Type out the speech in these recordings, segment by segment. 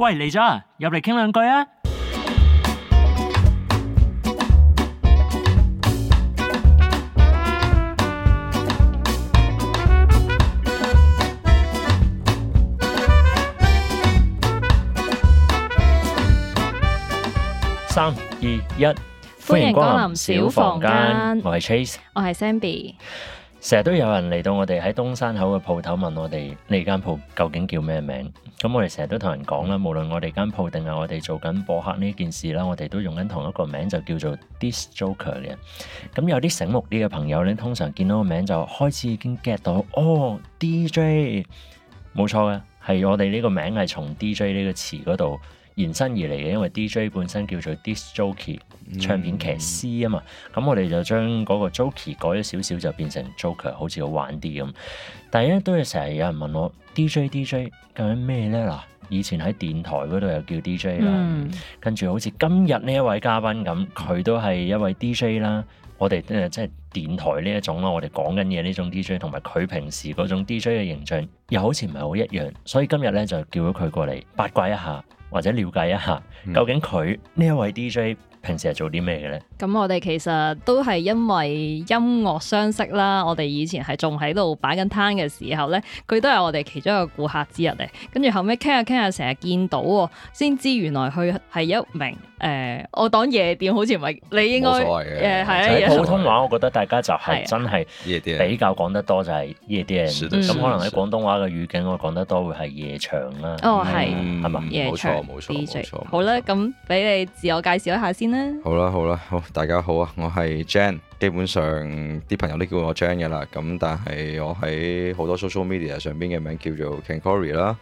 喂，嚟咗啊！入嚟傾兩句啊！三二一，歡迎光臨小房間。我係 Trace，我係 Zenbi。成日都有人嚟到我哋喺東山口嘅鋪頭問我哋呢間鋪究竟叫咩名？咁我哋成日都同人講啦，無論我哋間鋪定係我哋做緊播客呢件事啦，我哋都用緊同一個名就叫做 Disc Joker 嘅。咁有啲醒目啲嘅朋友咧，通常見到個名就開始已經 get 到哦，DJ，冇錯嘅，係我哋呢個名係從 DJ 呢個詞嗰度。延伸而嚟嘅，因為 D.J. 本身叫做 Disc Jockey 唱片騎師啊嘛。咁我哋就將嗰個 Jockey 改咗少少，就變成 Joker，好似好玩啲咁。但係咧，都係成日有人問我 D.J. D.J. 究竟咩咧？嗱，以前喺電台嗰度又叫 D.J. 啦，嗯、跟住好似今日呢一位嘉賓咁，佢都係一位 D.J. 啦。我哋即係即係電台呢一種咯，我哋講緊嘢呢種 D.J.，同埋佢平時嗰種 D.J. 嘅形象又好似唔係好一樣，所以今日咧就叫咗佢過嚟八卦一下。或者了解一下，究竟佢呢一位 DJ，平時係做啲咩嘅咧？咁我哋其實都係因為音樂相識啦。我哋以前係仲喺度擺緊攤嘅時候咧，佢都係我哋其中一個顧客之一嚟。跟住後尾傾下傾下，成日見到，先知原來佢係一名誒、呃，我當夜店好似唔係你應該、呃啊、普通話，我覺得大家就係真係夜比較講得多，就係夜店。咁可能喺廣東話嘅語境，我講得多會係夜場啦。哦，係係嘛？冇、嗯、冇錯冇錯，好啦，咁俾你自我介紹一下先。好啦、啊、好啦、啊、好，大家好啊！我係 Jan，基本上啲朋友都叫我 Jan 嘅啦。咁、嗯、但係我喺好多 social media 上邊嘅名叫做 Kenkori 啦。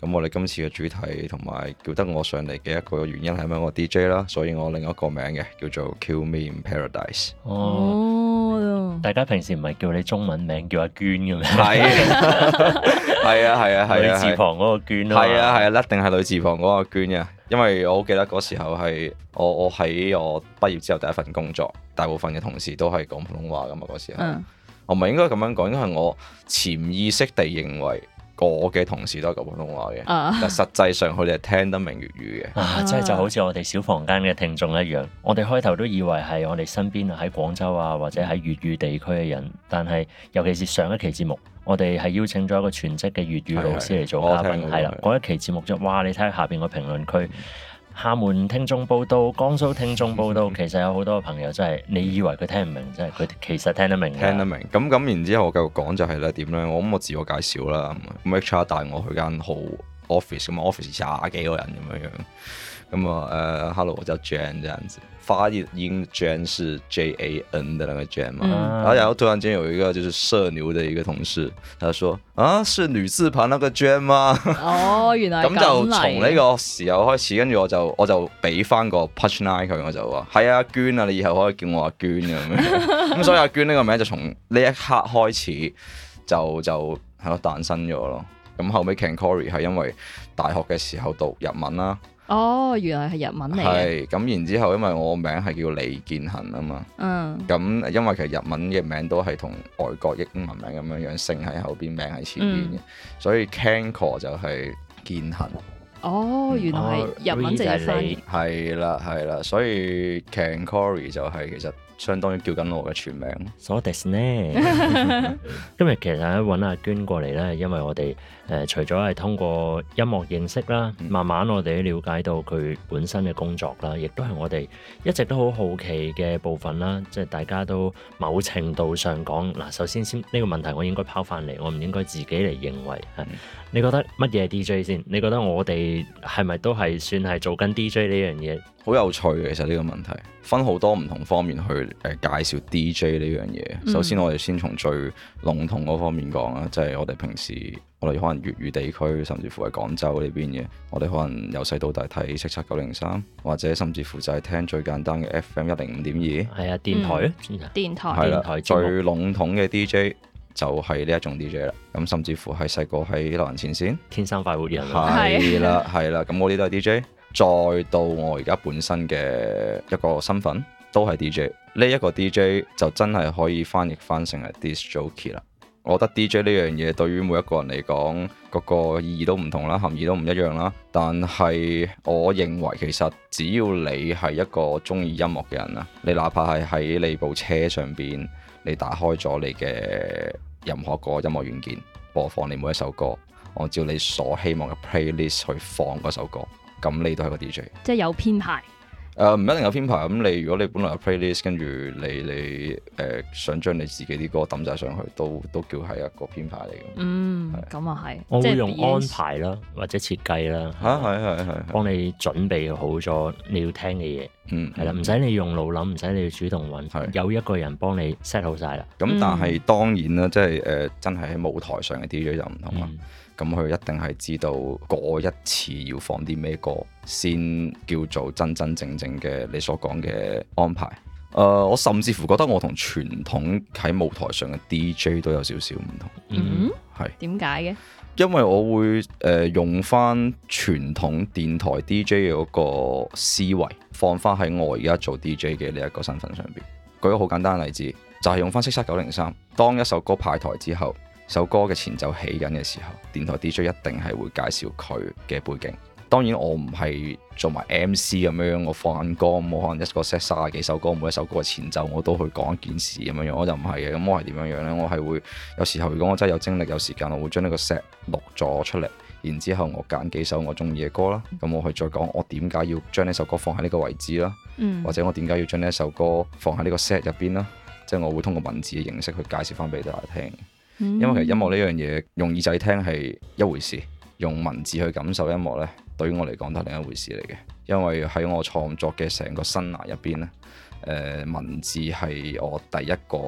咁、嗯、我哋今次嘅主題同埋叫得我上嚟嘅一個原因係因為我 DJ 啦，所以我另一個名嘅叫做 Kill Me In Paradise。哦，哦嗯、大家平時唔係叫你中文名叫阿娟嘅咩？係啊係啊係啊，女字旁個娟啊，係啊係啊，一定係女字旁嗰個娟啊。因為我好記得嗰時候係我我喺我畢業之後第一份工作，大部分嘅同事都係講普通話㗎嘛，嗰時候，uh. 我唔係應該咁樣講，因為我潛意識地認為我嘅同事都係講普通話嘅，uh. 但實際上佢哋係聽得明粵語嘅，即係、uh, 就好似我哋小房間嘅聽眾一樣，我哋開頭都以為係我哋身邊喺廣州啊或者喺粵語地區嘅人，但係尤其是上一期節目。我哋係邀請咗一個全職嘅粵語老師嚟做嘉賓，係啦，嗰了的一期節目就哇！你睇下下邊個評論區，廈門聽眾報道，江蘇聽眾報道，其實有好多朋友真係，你以為佢聽唔明，真係佢其實聽得明，聽得明。咁咁然之後，我繼續講就係咧，點咧，我諗我自我介紹啦，HR 帶我去間好 office 咁 office，廿幾個人咁樣樣，咁啊誒，hello，我叫 Jan，真發音娟是 J A N 的那個娟嘛，嗯、然後突然間有一個就是社牛的一個同事，佢話：，啊，是女字旁一個娟嘛。 哦，原來咁就從呢個時候開始，跟住 我就我就俾翻個 punch line 佢，我就話：，係啊，娟啊，你以後可以叫我阿、啊、娟咁樣。咁 所以阿娟呢個名就從呢一刻開始就就係咯誕生咗咯。咁後尾 Kenkori 係因為大學嘅時候讀日文啦。哦，原來係日文嚟嘅。係，咁然之後，因為我名係叫李建恒啊嘛，嗯嗯。嗯。咁因為其實日文嘅名都係同外國英文名咁樣樣，姓喺後邊，名喺前邊嘅。嗯、所以 Kenkori 就係建恒。哦，原來係日文字嘅、哦、翻譯係啦，係啦，所以 Kenkori 就係其實。相當於叫緊我嘅全名。What is name？今日其實揾阿娟過嚟呢，因為我哋誒、呃、除咗係通過音樂認識啦，慢慢我哋了解到佢本身嘅工作啦，亦都係我哋一直都好好奇嘅部分啦。即係大家都某程度上講，嗱，首先先呢、這個問題我該拋，我應該拋翻嚟，我唔應該自己嚟認為。 你覺得乜嘢 DJ 先？你覺得我哋係咪都係算係做緊 DJ 呢樣嘢？好有趣嘅，其實呢個問題分好多唔同方面去誒介紹 DJ 呢樣嘢。嗯、首先我哋先從最籠統嗰方面講啦，就係、是、我哋平時我哋可能粵語地區甚至乎係廣州呢邊嘅，我哋可能由細到大睇叱咤九零三，或者甚至乎就係聽最簡單嘅 FM 一零五點二，係啊電台咧，電台、嗯、電台，了電台最籠統嘅 DJ 就係呢一種 DJ 啦。咁、嗯、甚至乎係細個喺流行前線天生快活人，係啦係啦。咁、 啊、我呢都係 DJ。再到我而家本身嘅一個身份都係 DJ 呢一個 DJ 就真係可以翻譯翻成係 Disc Jockey 啦。我覺得 DJ 呢樣嘢對於每一個人嚟講個個意義都唔同啦，含義都唔一樣啦。但係我認為其實只要你係一個中意音樂嘅人啊，你哪怕係喺你部車上邊，你打開咗你嘅任何個音樂軟件，播放你每一首歌，按照你所希望嘅 playlist 去放嗰首歌。咁你都係個 DJ，即係有編排？誒，唔一定有編排。咁你如果你本來有 playlist，跟住你你誒、呃、想將你自己啲歌抌晒上去，都都叫係一個編排嚟嘅。嗯，咁啊係。嗯就是、我會用安排啦，或者設計啦。吓、啊，係係係，幫你準備好咗你要聽嘅嘢。嗯，係啦，唔使你用腦諗，唔使你主動揾，是有一個人幫你 set 好晒啦。咁、嗯、但係當然啦，即係誒，真係喺舞台上嘅 DJ 就唔同啦。嗯咁佢、嗯、一定係知道嗰一次要放啲咩歌，先叫做真真正正嘅你所講嘅安排。誒、呃，我甚至乎覺得我同傳統喺舞台上嘅 DJ 都有少少唔同。嗯，係點解嘅？為因為我會誒、呃、用翻傳統電台 DJ 嘅個思維，放翻喺我而家做 DJ 嘅呢一個身份上邊。舉個好簡單例子，就係、是、用翻叱咤九零三，當一首歌派台之後。首歌嘅前奏起緊嘅時候，電台 DJ 一定係會介紹佢嘅背景。當然，我唔係做埋 MC 咁樣，我放歌，我可能一個 set 三十幾首歌，每一首歌嘅前奏我都去講一件事咁樣樣，我就唔係嘅。咁我係點樣樣呢？我係會有時候，如果我真係有精力有時間，我會將呢個 set 錄咗出嚟，然之後我揀幾首我中意嘅歌啦，咁我去再講我點解要將呢首歌放喺呢個位置啦，或者我點解要將呢首歌放喺呢個 set 入邊啦，即係、嗯、我會通過文字嘅形式去介紹翻俾大家聽。因為其實音樂呢樣嘢用耳仔聽係一回事，用文字去感受音樂咧，對於我嚟講都係另一回事嚟嘅。因為喺我創作嘅成個生涯入邊咧，誒、呃，文字係我第一個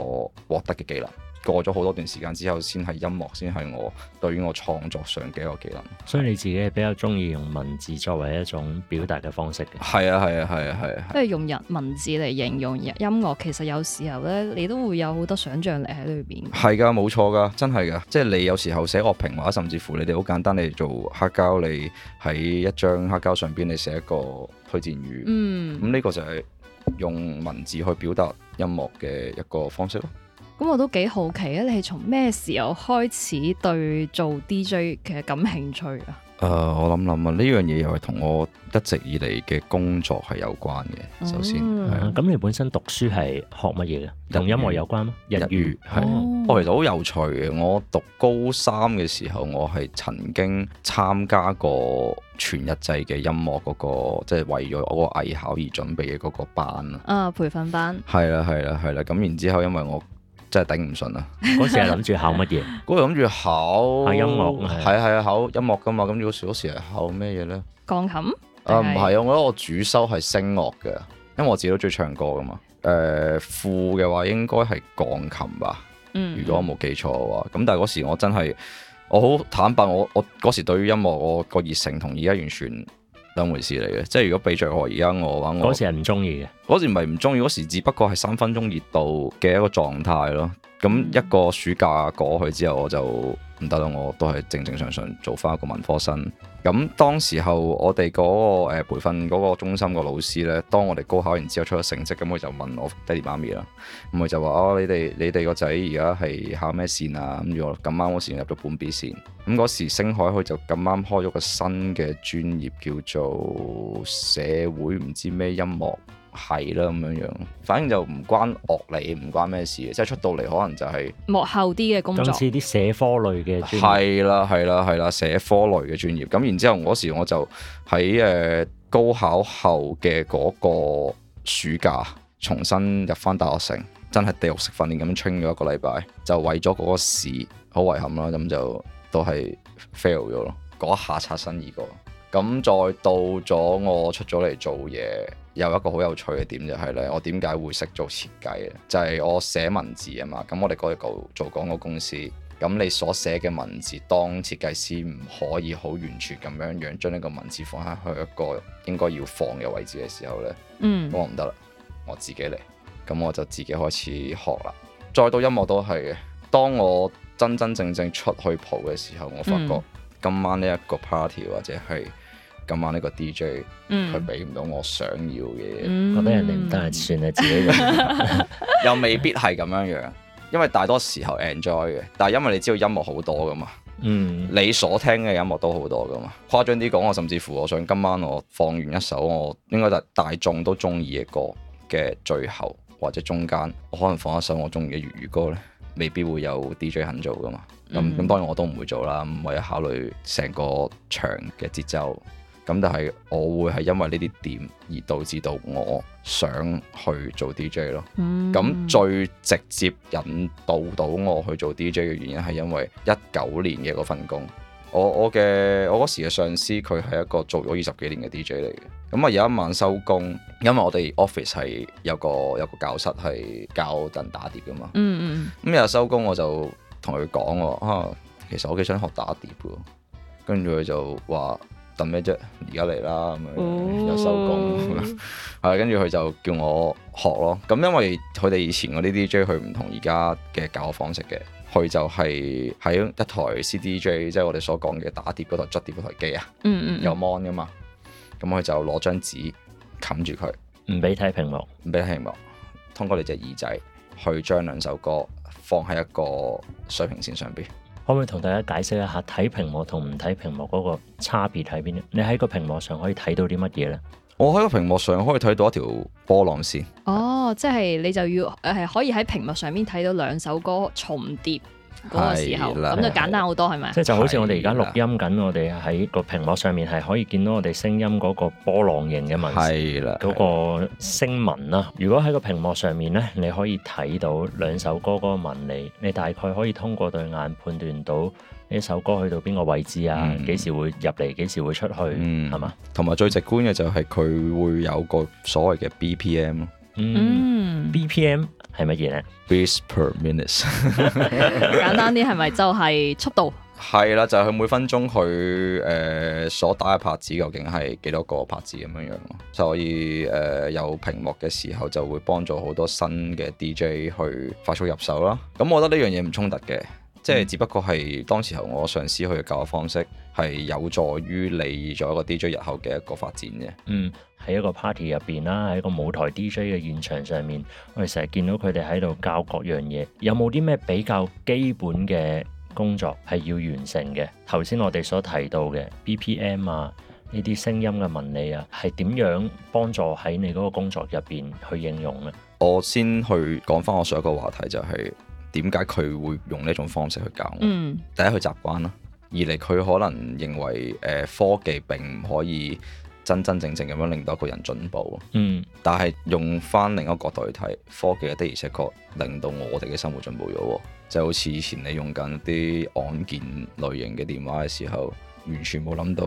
獲得嘅技能。過咗好多段時間之後，先係音樂，先係我對於我創作上嘅一個技能。所以你自己比較中意用文字作為一種表達嘅方式嘅。係啊，係啊，係啊，係啊。即係用文字嚟形容音樂，其實有時候呢，你都會有好多想像力喺裏邊。係㗎，冇錯㗎，真係㗎。即係你有時候寫樂評話，或甚至乎你哋好簡單嚟做黑膠，你喺一張黑膠上邊，你寫一個推薦語。嗯。咁呢個就係用文字去表達音樂嘅一個方式咯。咁我都幾好奇啊！你係從咩時候開始對做 DJ 其實感興趣啊？誒、呃，我諗諗啊，呢樣嘢又係同我一直以嚟嘅工作係有關嘅。嗯、首先，咁、嗯、你本身讀書係學乜嘢嘅？同、嗯、音樂有關嗎？日語係，不過我其實好有趣嘅。我讀高三嘅時候，我係曾經參加過全日制嘅音樂嗰、那個，即、就、係、是、為咗我個藝考而準備嘅嗰個班啊！培訓班係啦，係啦、啊，係啦、啊。咁、啊啊、然之後，後因為我真係頂唔順啊！嗰 時係諗住考乜嘢？嗰時諗住考音樂，係係啊，考音樂噶嘛。咁如果嗰時係考咩嘢咧？鋼琴？啊唔係，我覺得我主修係聲樂嘅，因為我自己都鍾意唱歌噶嘛。誒、呃、副嘅話應該係鋼琴吧，如果我冇記錯嘅話。咁、嗯、但係嗰時我真係我好坦白，我我嗰時對於音樂我個熱誠同而家完全。當回事嚟嘅，即係如果俾着我而家我嘅話，我嗰時係唔中意嘅。嗰時唔係唔中意，嗰時只不過係三分鐘熱度嘅一個狀態咯。咁一個暑假過去之後，我就。唔得啦，我都係正正常常做翻一個文科生。咁當時候我哋嗰、那個誒、呃、培訓嗰個中心個老師呢，當我哋高考完之後出咗成績，咁佢就問我爹哋媽咪啦，咁佢就話哦、啊，你哋你哋個仔而家係考咩綫啊？咁我咁啱嗰綫入咗本 B 綫。咁嗰時星海佢就咁啱開咗個新嘅專業，叫做社會唔知咩音樂。係啦咁樣樣，反正就唔關樂理，唔關咩事，即係出到嚟可能就係、是、幕後啲嘅工作，似啲社科類嘅專業。係啦係啦係啦，社科類嘅專業。咁然之後，嗰時我就喺誒、呃、高考後嘅嗰個暑假，重新入翻大學城，真係地獄式訓練咁 train 咗一個禮拜，就為咗嗰個試，好遺憾啦，咁就都係 fail 咗咯，嗰下擦身而過。咁再到咗我出咗嚟做嘢，有一個好有趣嘅點就係咧，我點解會識做設計咧？就係我寫文字啊嘛。咁我哋過嚟做廣告公司，咁你所寫嘅文字，當設計師唔可以好完全咁樣樣將呢個文字放喺去一個應該要放嘅位置嘅時候咧，嗯，我唔得啦，我自己嚟。咁我就自己開始學啦。再到音樂都係嘅。當我真真正正出去蒲嘅時候，我發覺今晚呢一個 party 或者係。今晚呢個 DJ 佢俾唔到我想要嘅嘢、嗯，覺得人哋唔得但係算啦，自己又未必係咁樣樣，因為大多時候 enjoy 嘅。但係因為你知道音樂好多噶嘛，嗯，你所聽嘅音樂都好多噶嘛。誇張啲講，我甚至乎我想今晚我放完一首我應該就大眾都中意嘅歌嘅最後或者中間，我可能放一首我中意嘅粵語歌咧，未必會有 DJ 肯做噶嘛。咁咁、嗯、當然我都唔會做啦，為咗考慮成個場嘅節奏。咁但係我會係因為呢啲點而導致到我想去做 DJ 咯。咁、嗯、最直接引導到我去做 DJ 嘅原因係因為一九年嘅嗰份工，我我嘅我嗰時嘅上司佢係一個做咗二十幾年嘅 DJ 嚟嘅。咁啊有一晚收工，因為我哋 office 係有個有個教室係教人打碟噶嘛。咁日收工我就同佢講啊，其實我幾想學打碟嘅。跟住佢就話。咩啫？而家嚟啦，咁樣有收工，係跟住佢就叫我學咯。咁因為佢哋以前我呢啲 DJ 佢唔同而家嘅教學方式嘅，佢就係喺一台 CDJ，即係我哋所講嘅打碟嗰台捽碟嗰台機啊，mm hmm. 有 mon 噶嘛。咁佢就攞張紙冚住佢，唔俾睇屏幕，唔俾睇屏幕，通過你隻耳仔去將兩首歌放喺一個水平線上邊。可唔可以同大家解釋一下睇屏幕同唔睇屏幕嗰個差別喺邊咧？你喺個屏幕上可以睇到啲乜嘢咧？我喺個屏幕上可以睇到一條波浪線。哦，即係你就要誒，係可以喺屏幕上面睇到兩首歌重疊。嗰個時候，咁的就簡單好多，係咪的？即係吧就，就好似我哋而家錄音緊，的我哋喺個屏幕上面係可以見到我哋聲音嗰個波浪形嘅紋，嗰個聲紋啦。如果喺個屏幕上面咧，你可以睇到兩首歌嗰個紋理，你大概可以通過對眼判斷到呢首歌去到邊個位置啊？幾、嗯、時會入嚟？幾時會出去？係嘛、嗯？同埋吧最直觀嘅就係佢會有個所謂嘅 BPM。嗯，BPM 係乜嘢咧？Beats per minutes，簡單啲係咪就係速度？係 啦，就係、佢、每分鐘佢誒所打嘅拍子究竟係幾多個拍子咁樣樣、啊、咯。所以誒、呃、有屏幕嘅時候就會幫助好多新嘅 DJ 去快速入手啦。咁我覺得呢樣嘢唔衝突嘅。即係、嗯、只不過係當時候我上司佢嘅教嘅方式係有助於你做一個 DJ 日後嘅一個發展嘅。嗯，喺一個 party 入邊啦，喺一個舞台 DJ 嘅現場上面，我哋成日見到佢哋喺度教各樣嘢。有冇啲咩比較基本嘅工作係要完成嘅？頭先我哋所提到嘅 BPM 啊，呢啲聲音嘅紋理啊，係點樣幫助喺你嗰個工作入邊去應用呢？我先去講返我上一個話題就係、是。點解佢會用呢種方式去教我？嗯、第一佢習慣啦，二嚟佢可能認為誒、呃、科技並唔可以真真正正咁樣令到一個人進步。嗯，但係用翻另一個角度去睇，科技的而且確令到我哋嘅生活進步咗。就是、好似以前你用緊啲按鍵類型嘅電話嘅時候，完全冇諗到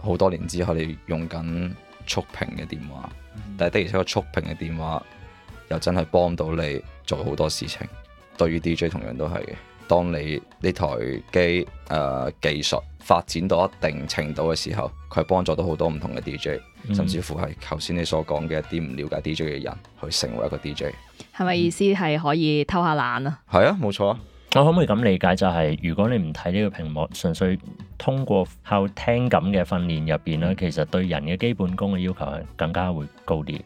好多年之後你用緊觸屏嘅電話，但係的而且確觸屏嘅電話又真係幫到你做好多事情。對於 DJ 同樣都係嘅，當你呢台機誒、呃、技術發展到一定程度嘅時候，佢幫助到好多唔同嘅 DJ，嗯、甚至乎係頭先你所講嘅一啲唔了解 DJ 嘅人去成為一個 DJ，係咪意思係可以偷下懶啊？係、嗯、啊，冇錯啊！我可唔可以咁理解就係、是，如果你唔睇呢個屏幕，純粹通過後聽感嘅訓練入邊咧，其實對人嘅基本功嘅要求係更加會高啲。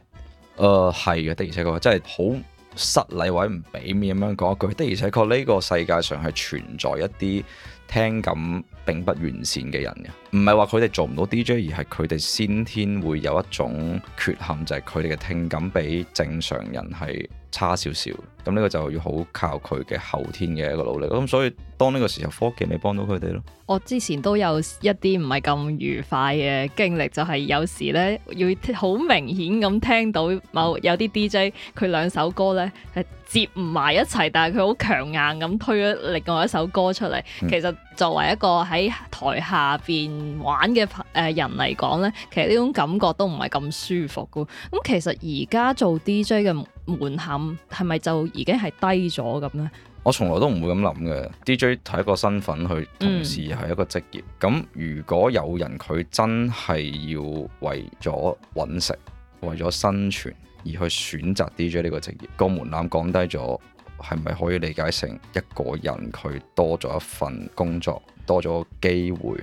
誒係嘅，的而且確真係好。失禮或者唔俾面咁樣講一句，的而且確呢個世界上係存在一啲聽感並不完善嘅人嘅，唔係話佢哋做唔到 DJ，而係佢哋先天會有一種缺陷，就係佢哋嘅聽感比正常人係。差少少，咁呢個就要好靠佢嘅後天嘅一個努力。咁所以當呢個時候，科技未幫到佢哋咯。我之前都有一啲唔係咁愉快嘅經歷，就係、是、有時呢要好明顯咁聽到某有啲 DJ 佢兩首歌呢係接唔埋一齊，但係佢好強硬咁推咗另外一首歌出嚟。其實作為一個喺台下邊玩嘅誒、呃、人嚟講呢，其實呢種感覺都唔係咁舒服噶。咁其實而家做 DJ 嘅。門檻係咪就已經係低咗咁呢？我從來都唔會咁諗嘅。DJ 係一個身份，佢同時係一個職業。咁、嗯、如果有人佢真係要為咗揾食、為咗生存而去選擇 DJ 呢個職業，個門檻降低咗，係咪可以理解成一個人佢多咗一份工作、多咗機會？誒、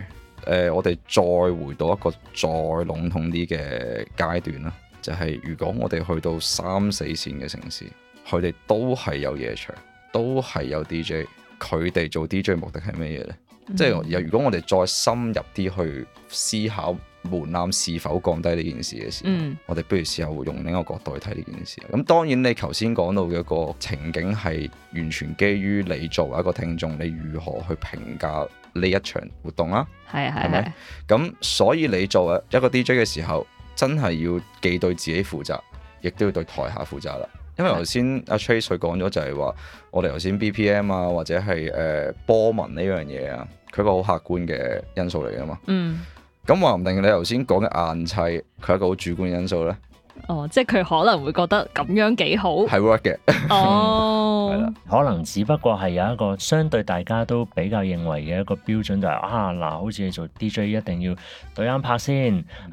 呃，我哋再回到一個再籠統啲嘅階段啦。就係如果我哋去到三四線嘅城市，佢哋都係有夜場，都係有 DJ。佢哋做 DJ 的目的係咩嘢呢？嗯、即係如果我哋再深入啲去思考門檻是否降低呢件事嘅時候、嗯、我哋不如試下用另一個角度去睇呢件事。咁當然你頭先講到嘅一個情景係完全基於你作為一個聽眾，你如何去評價呢一場活動啦、啊。係啊係啊，咁所以你作為一個 DJ 嘅時候，.真係要既對自己負責，亦都要對台下負責啦。因為頭先阿 Trace 佢講咗就係話，的我哋頭先 BPM 啊，或者係誒、呃、波紋呢樣嘢啊，佢一個好客觀嘅因素嚟啊嘛。嗯，咁話唔定你頭先講嘅硬砌，佢係一個好主觀因素咧。哦，即係佢可能會覺得咁樣幾好，係 work 嘅哦。係啦，可能只不過係有一個相對大家都比較認為嘅一個標準，就係啊嗱，好似你做 DJ 一定要對音拍先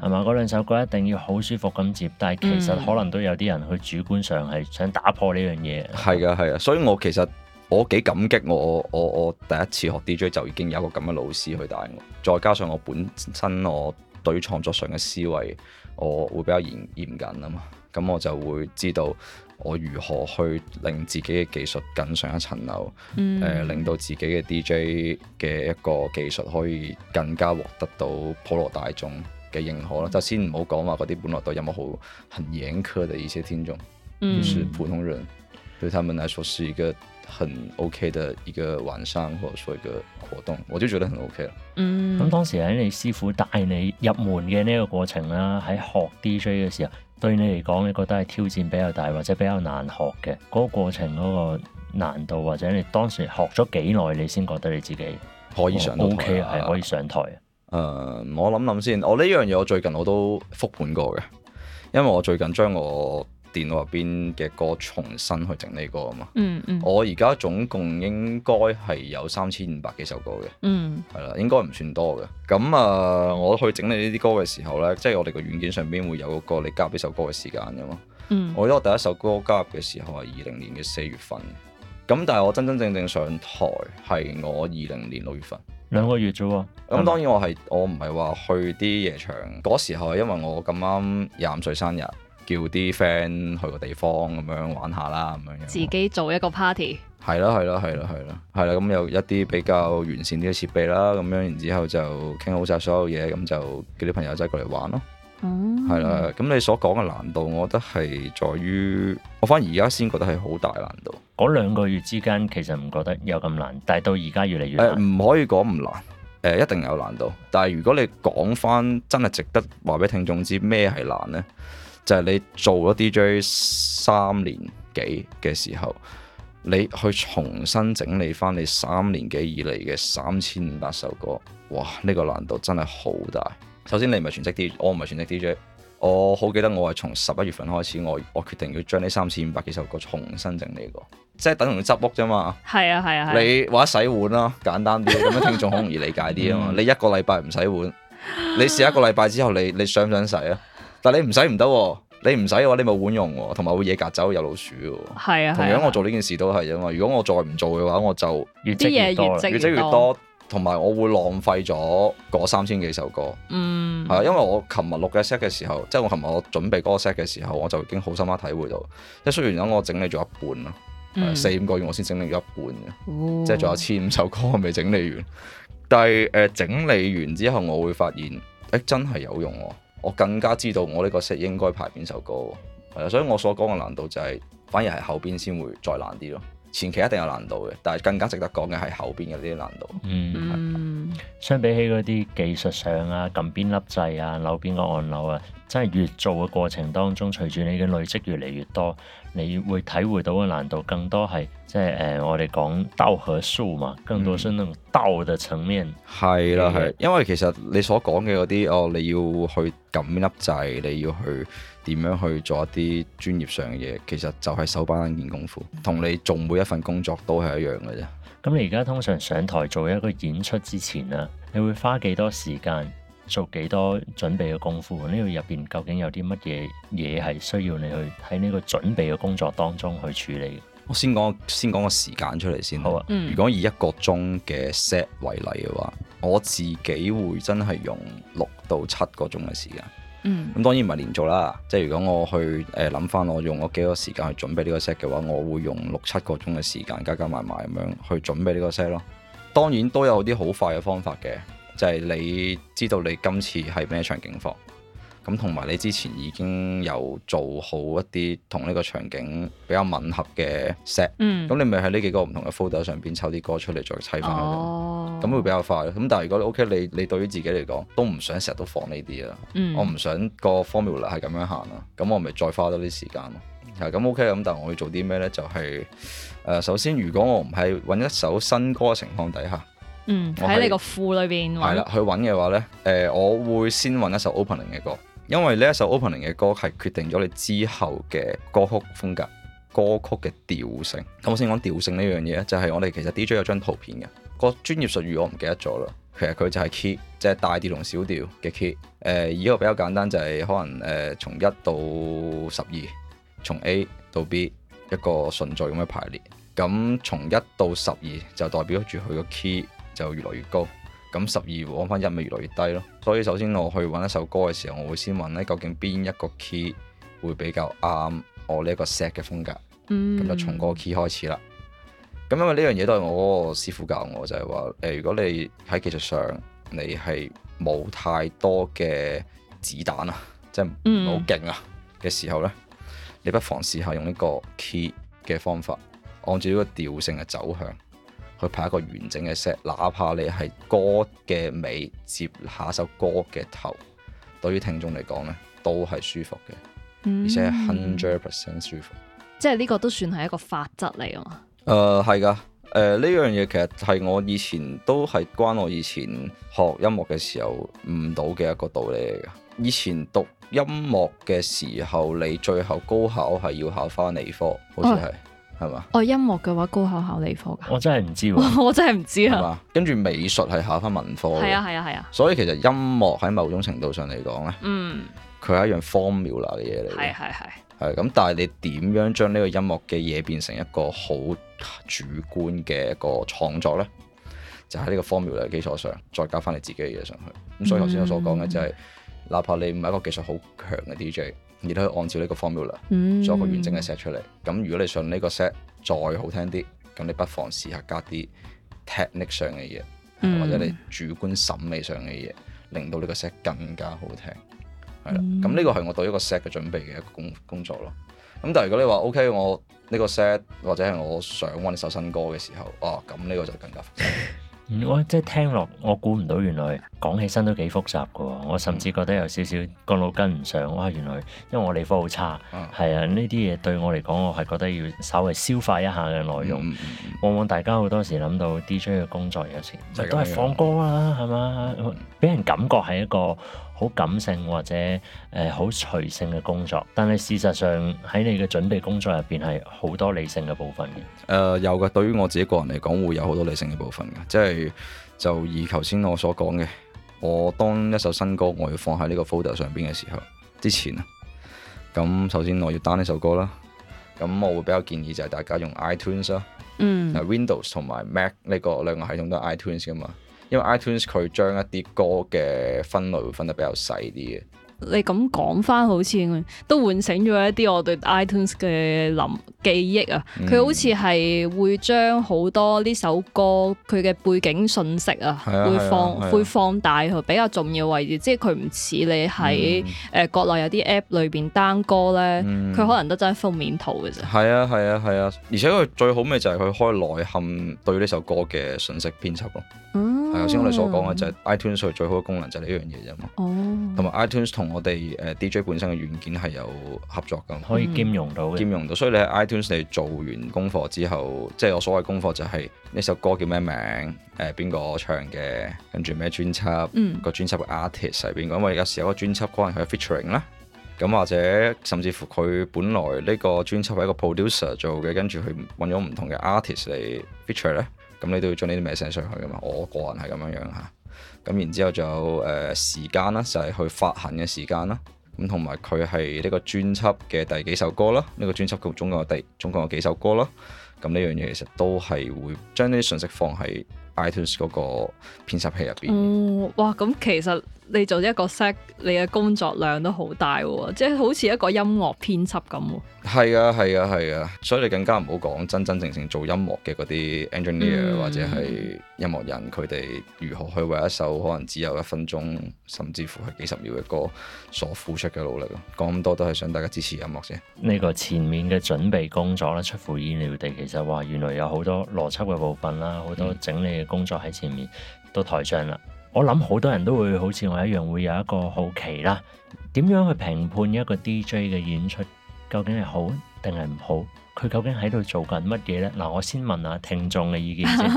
係嘛，嗰兩首歌一定要好舒服咁接，但係其實可能都有啲人去主觀上係想打破呢樣嘢。係啊，係啊，所以我其實我幾感激我我我第一次學 DJ 就已經有一個咁嘅老師去帶我，再加上我本身我對創作上嘅思維。我會比較嚴嚴謹啊嘛，咁我就會知道我如何去令自己嘅技術更上一層樓，誒、嗯呃、令到自己嘅 DJ 嘅一個技術可以更加獲得到普羅大眾嘅認可咯。嗯、就先唔好講話嗰啲本來都有冇好很、很嚴苛嘅一些聽眾，就、嗯、是普通人，對他們來說是一個很 OK 的一個晚上，或者說一個活動，我就覺得很 OK 啦。嗯，咁當時喺你師傅帶你入門嘅呢個過程啦、啊，喺學 DJ 嘅時候，對你嚟講，你覺得係挑戰比較大，或者比較難學嘅嗰、那個過程嗰個難度，或者你當時學咗幾耐，你先覺得你自己可以上 O K 係可以上台、啊。誒、哦 okay, 啊嗯，我諗諗先，我呢樣嘢我最近我都復盤過嘅，因為我最近將我。電腦入邊嘅歌重新去整呢個啊嘛，嗯嗯、我而家總共應該係有三千五百幾首歌嘅，係啦、嗯，應該唔算多嘅。咁啊，我去整理呢啲歌嘅時候咧，即係我哋個軟件上邊會有嗰個你加入呢首歌嘅時間噶嘛。嗯、我覺得我第一首歌加入嘅時候係二零年嘅四月份，咁但係我真真正正上台係我二零年六月份，兩個月啫喎。咁當然我係我唔係話去啲夜場，嗰時候係因為我咁啱廿五歲生日。叫啲 friend 去個地方咁樣玩下啦，咁樣自己做一個 party 係啦，係啦，係啦，係啦，係啦，咁有一啲比較完善啲嘅設備啦，咁樣然之後就傾好晒所有嘢，咁就叫啲朋友仔過嚟玩咯。嗯，係啦，咁你所講嘅難度，我覺得係在於我反而而家先覺得係好大難度。嗰兩個月之間其實唔覺得有咁難，但係到而家越嚟越誒，唔可以講唔難，呃，一定有難度。但係如果你講翻真係值得話俾聽眾知咩係難呢？就係你做咗 DJ 三年幾嘅時候，你去重新整理翻你三年幾以嚟嘅三千五百首歌，哇！呢個難度真係好大。首先你唔係全職 DJ，我唔係全職 DJ。我好記得我係從十一月份開始，我我決定要將呢三千五百幾首歌重新整理過，即係等同執屋啫嘛。係啊係啊係啊！你或者洗碗啦，簡單啲咁樣聽眾好容易理解啲啊嘛。 你一個禮拜唔洗碗，你試一個禮拜之後，你你想唔想洗啊？但你唔使唔得，你唔使嘅話你冇碗用，啊，同埋會惹曱甴有老鼠。係啊，是啊同樣是、啊、我做呢件事都係因為。如果我再唔做嘅話，我就越積越，越多，越積越多。同埋我會浪費咗嗰三千幾首歌。嗯，係啊，因為我琴日錄嘅 set 嘅時候，即係我琴日我準備個 set 嘅時候，我就已經好深刻體會到，即係雖然我整理咗一半啦，嗯、四五個月我先整理咗一半嘅，嗯、即係仲有千五首歌我未整理完。但係誒、呃、整理完之後，我會發現誒、欸、真係有用喎。我更加知道我呢個色應該排邊首歌，係啊，所以我所講嘅難度就係，反而係後邊先會再難啲咯。前期一定有難度嘅，但係更加值得講嘅係後邊嘅呢啲難度。嗯，是相比起嗰啲技術上啊，撳邊粒掣啊，扭邊個按鈕啊，真係越做嘅過程當中，隨住你嘅累積越嚟越多。你會體會到嘅難度更多係，即係誒、呃，我哋講道和術嘛，更多是那種道嘅層面係啦，係、嗯嗯、因為其實你所講嘅嗰啲哦，你要去撳粒掣，你要去點樣去做一啲專業上嘅嘢，其實就係手板嗰件功夫，同你做每一份工作都係一樣嘅啫。咁、嗯、你而家通常上台做一個演出之前啊，你會花幾多時間？做幾多準備嘅功夫？呢個入邊究竟有啲乜嘢嘢係需要你去喺呢個準備嘅工作當中去處理？我先講先講個時間出嚟先。好啊。如果以一個鐘嘅 set 為例嘅話，我自己會真係用六到七個鐘嘅時間。嗯、咁當然唔係連續啦。即係如果我去誒諗翻我用咗幾多時間去準備呢個 set 嘅話，我會用六七個鐘嘅時間加加埋埋咁樣去準備呢個 set 咯。當然都有啲好快嘅方法嘅。就係你知道你今次係咩場景放，咁同埋你之前已經有做好一啲同呢個場景比較吻合嘅 set，咁、嗯、你咪喺呢幾個唔同嘅 folder 上邊抽啲歌出嚟再砌翻，咁、哦、會比較快咯。咁但係如果你 OK，你你對於自己嚟講都唔想成日都放呢啲啦，嗯、我唔想個 formula 係咁樣行啦，咁我咪再花多啲時間咯。係咁 OK，咁但係我要做啲咩咧？就係、是、誒、呃，首先如果我唔係揾一首新歌嘅情況底下。嗯，喺是你個庫裏邊係啦，去揾嘅話呢，誒、呃，我會先揾一首 opening 嘅歌，因為呢一首 opening 嘅歌係決定咗你之後嘅歌曲風格、歌曲嘅調性。咁我先講調性呢樣嘢就係、是、我哋其實 DJ 有張圖片嘅個專業術語，我唔記得咗啦。其實佢就係 key，即係大調同小調嘅 key，呃。誒，以一個比較簡單就係可能誒、呃，從一到十二，從 A 到 B 一個順序咁嘅排列。咁從一到十二就代表住佢個 key。就越嚟越高，咁十二往翻音咪越嚟越低咯。所以首先我去揾一首歌嘅時候，我會先問咧，究竟邊一個 key 會比較啱我呢一個 set 嘅風格？咁、嗯、就從嗰個 key 開始啦。咁因為呢樣嘢都係我嗰個師傅教我，就係話誒，如果你喺技術上你係冇太多嘅子彈啊，即係好勁啊嘅、嗯、時候呢，你不妨試下用呢個 key 嘅方法，按照呢個調性嘅走向。去拍一個完整嘅 set，哪怕你係歌嘅尾接下首歌嘅頭，對於聽眾嚟講咧，都係舒服嘅，嗯、而且係 hundred percent 舒服。即係呢個都算係一個法則嚟啊嘛。誒係噶，誒呢樣嘢其實係我以前都係關我以前學音樂嘅時候悟到嘅一個道理嚟噶。以前讀音樂嘅時候，你最後高考係要考返理科，好似係。哦。係嘛？哦，音樂嘅話高考考理科噶？我真係唔知、啊， 我真係唔知啊。跟住美術係考翻文科。係啊係啊係啊。啊啊所以其實音樂喺某種程度上嚟講咧，嗯，佢係一樣 formula 啦嘅嘢嚟。係係係。係咁，但係你點樣將呢個音樂嘅嘢變成一個好主觀嘅一個創作咧？就喺、是、呢個 formula 嘅基礎上，再加翻你自己嘅嘢上去。咁所以頭先我所講嘅就係、是嗯、哪怕你唔係一個技術好強嘅 DJ。亦都可以按照呢個 formula 做一個完整嘅 set 出嚟。咁、嗯、如果你想呢個 set 再好聽啲，咁你不妨試下加啲 technic 上嘅嘢，嗯、或者你主觀審美上嘅嘢，令到呢個 set 更加好聽。係啦，咁呢、嗯、個係我對一個 set 嘅準備嘅一個工工作咯。咁但係如果你話 OK，我呢個 set 或者係我想揾首新歌嘅時候，哦、啊，咁呢個就更加。 嗯、我即係聽落，我估唔到原來講起身都幾複雜噶。我甚至覺得有少少個腦跟唔上。哇！原來因為我理科好差，係啊，呢啲嘢對我嚟講，我係覺得要稍微消化一下嘅內容。嗯嗯嗯、往往大家好多時諗到 DJ 嘅工作有時咪都係放歌啦、啊，係嘛，俾、嗯、人感覺係一個。好感性或者誒好隨性嘅工作，但係事實上喺你嘅準備工作入邊係好多理性嘅部分嘅。誒、呃、有嘅，對於我自己個人嚟講，會有好多理性嘅部分嘅。即係就以頭先我所講嘅，我當一首新歌我要放喺呢個 folder 上邊嘅時候之前啊，咁首先我要 down 呢首歌啦。咁我會比較建議就係大家用 iTunes 啦、嗯。嗯，Windows 同埋 Mac 呢個兩個系統都係 iTunes 噶嘛。因為 iTunes 佢將一啲歌嘅分類會分得比較細啲嘅。你咁講返，好似都喚醒咗一啲我對 iTunes 嘅諗記憶啊！佢好似係會將好多呢首歌佢嘅背景信息啊，嗯、會放、啊、會放大佢比較重要位置，即係佢唔似你喺誒、嗯呃、國內有啲 app 裏邊單歌咧，佢可能都真係封面圖嘅啫。係、嗯嗯、啊係啊係啊，啊，啊，啊！而且佢最好咩就係佢開內涵對呢首歌嘅信息編輯咯。嗯，頭先、啊、我哋所講嘅就係、是、iTunes 最好嘅功能就係呢一樣嘢啫嘛。同埋 iTunes 同。我哋誒 DJ 本身嘅軟件係有合作㗎，可以兼容到，兼容到。所以你喺 iTunes 嚟做完功課之後，即係我所謂功課就係呢首歌叫咩名？誒邊個唱嘅？跟住咩專輯？個、嗯、專輯嘅 artist 係邊個？因為有時有個專輯可能佢 featuring 啦，咁或者甚至乎佢本來呢個專輯係一個 producer 做嘅，跟住佢揾咗唔同嘅 artist 嚟 featuring 咧。咁你都要將呢啲嘢寫上去噶嘛，我個人係咁樣樣嚇。咁然之後仲有誒、呃、時間啦，就係、是、去發行嘅時間啦。咁同埋佢係呢個專輯嘅第幾首歌啦，呢、這個專輯總共第總共有幾首歌啦。咁呢樣嘢其實都係會將呢啲信息放喺 iTunes 嗰個編輯器入邊。哦、嗯，哇！咁其實～你做一個 set，你嘅工作量都好大喎，即係好似一個音樂編輯咁。係啊，係啊，係啊，所以你更加唔好講真真正正做音樂嘅嗰啲 engineer、嗯、或者係音樂人，佢哋如何去為一首可能只有一分鐘，甚至乎係幾十秒嘅歌所付出嘅努力咯。講咁多都係想大家支持音樂先。呢個前面嘅準備工作咧，出乎意料地，其實話原來有好多邏輯嘅部分啦，好多整理嘅工作喺前面、嗯、都台唱啦。我諗好多人都會好似我一樣會有一個好奇啦，點樣去評判一個 DJ 嘅演出究竟係好定係唔好？佢究竟喺度做緊乜嘢呢？嗱，我先問下、啊、聽眾嘅意見先。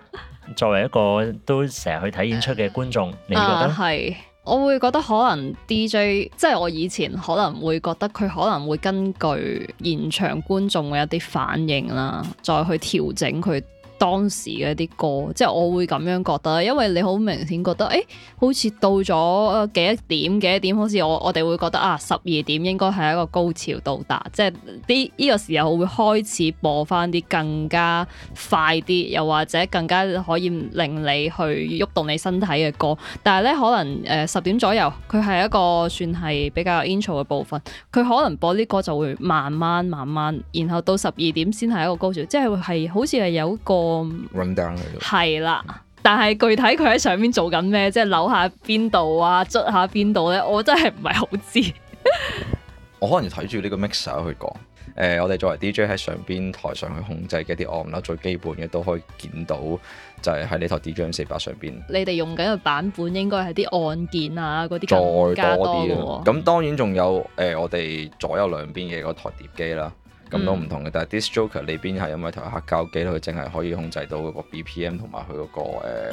作為一個都成日去睇演出嘅觀眾，你覺得係、啊？我會覺得可能 DJ 即係我以前可能會覺得佢可能會根據現場觀眾嘅一啲反應啦，再去調整佢。當時嘅啲歌，即係我會咁樣覺得，因為你好明顯覺得，誒，好似到咗幾多點幾多點，好似我我哋會覺得啊，十二點應該係一個高潮到達，即係啲呢個時候會開始播翻啲更加快啲，又或者更加可以令你去喐動你身體嘅歌。但係咧，可能誒十點左右，佢係一個算係比較 intro 嘅部分，佢可能播啲歌就會慢慢慢慢，然後到十二點先係一個高潮，即係係好似係有個。係啦 Run， 但係具體佢喺上邊做緊咩，即係扭下邊度啊，捽下邊度咧，我真係唔係好知。我可能睇住呢個 mixer 去講，誒、呃，我哋作為 DJ 喺上邊台上去控制嘅啲按鈕，最基本嘅都可以見到就，就係喺呢台 DJ 四百上邊。你哋用緊嘅版本應該係啲按鍵啊，嗰啲再多啲咁 當然仲有誒、呃，我哋左右兩邊嘅嗰台碟機啦。咁都唔同嘅，但係 Disc Joker 裏邊係因為台黑膠機，佢淨係可以控制到嗰個 BPM 同埋佢、那、嗰個誒。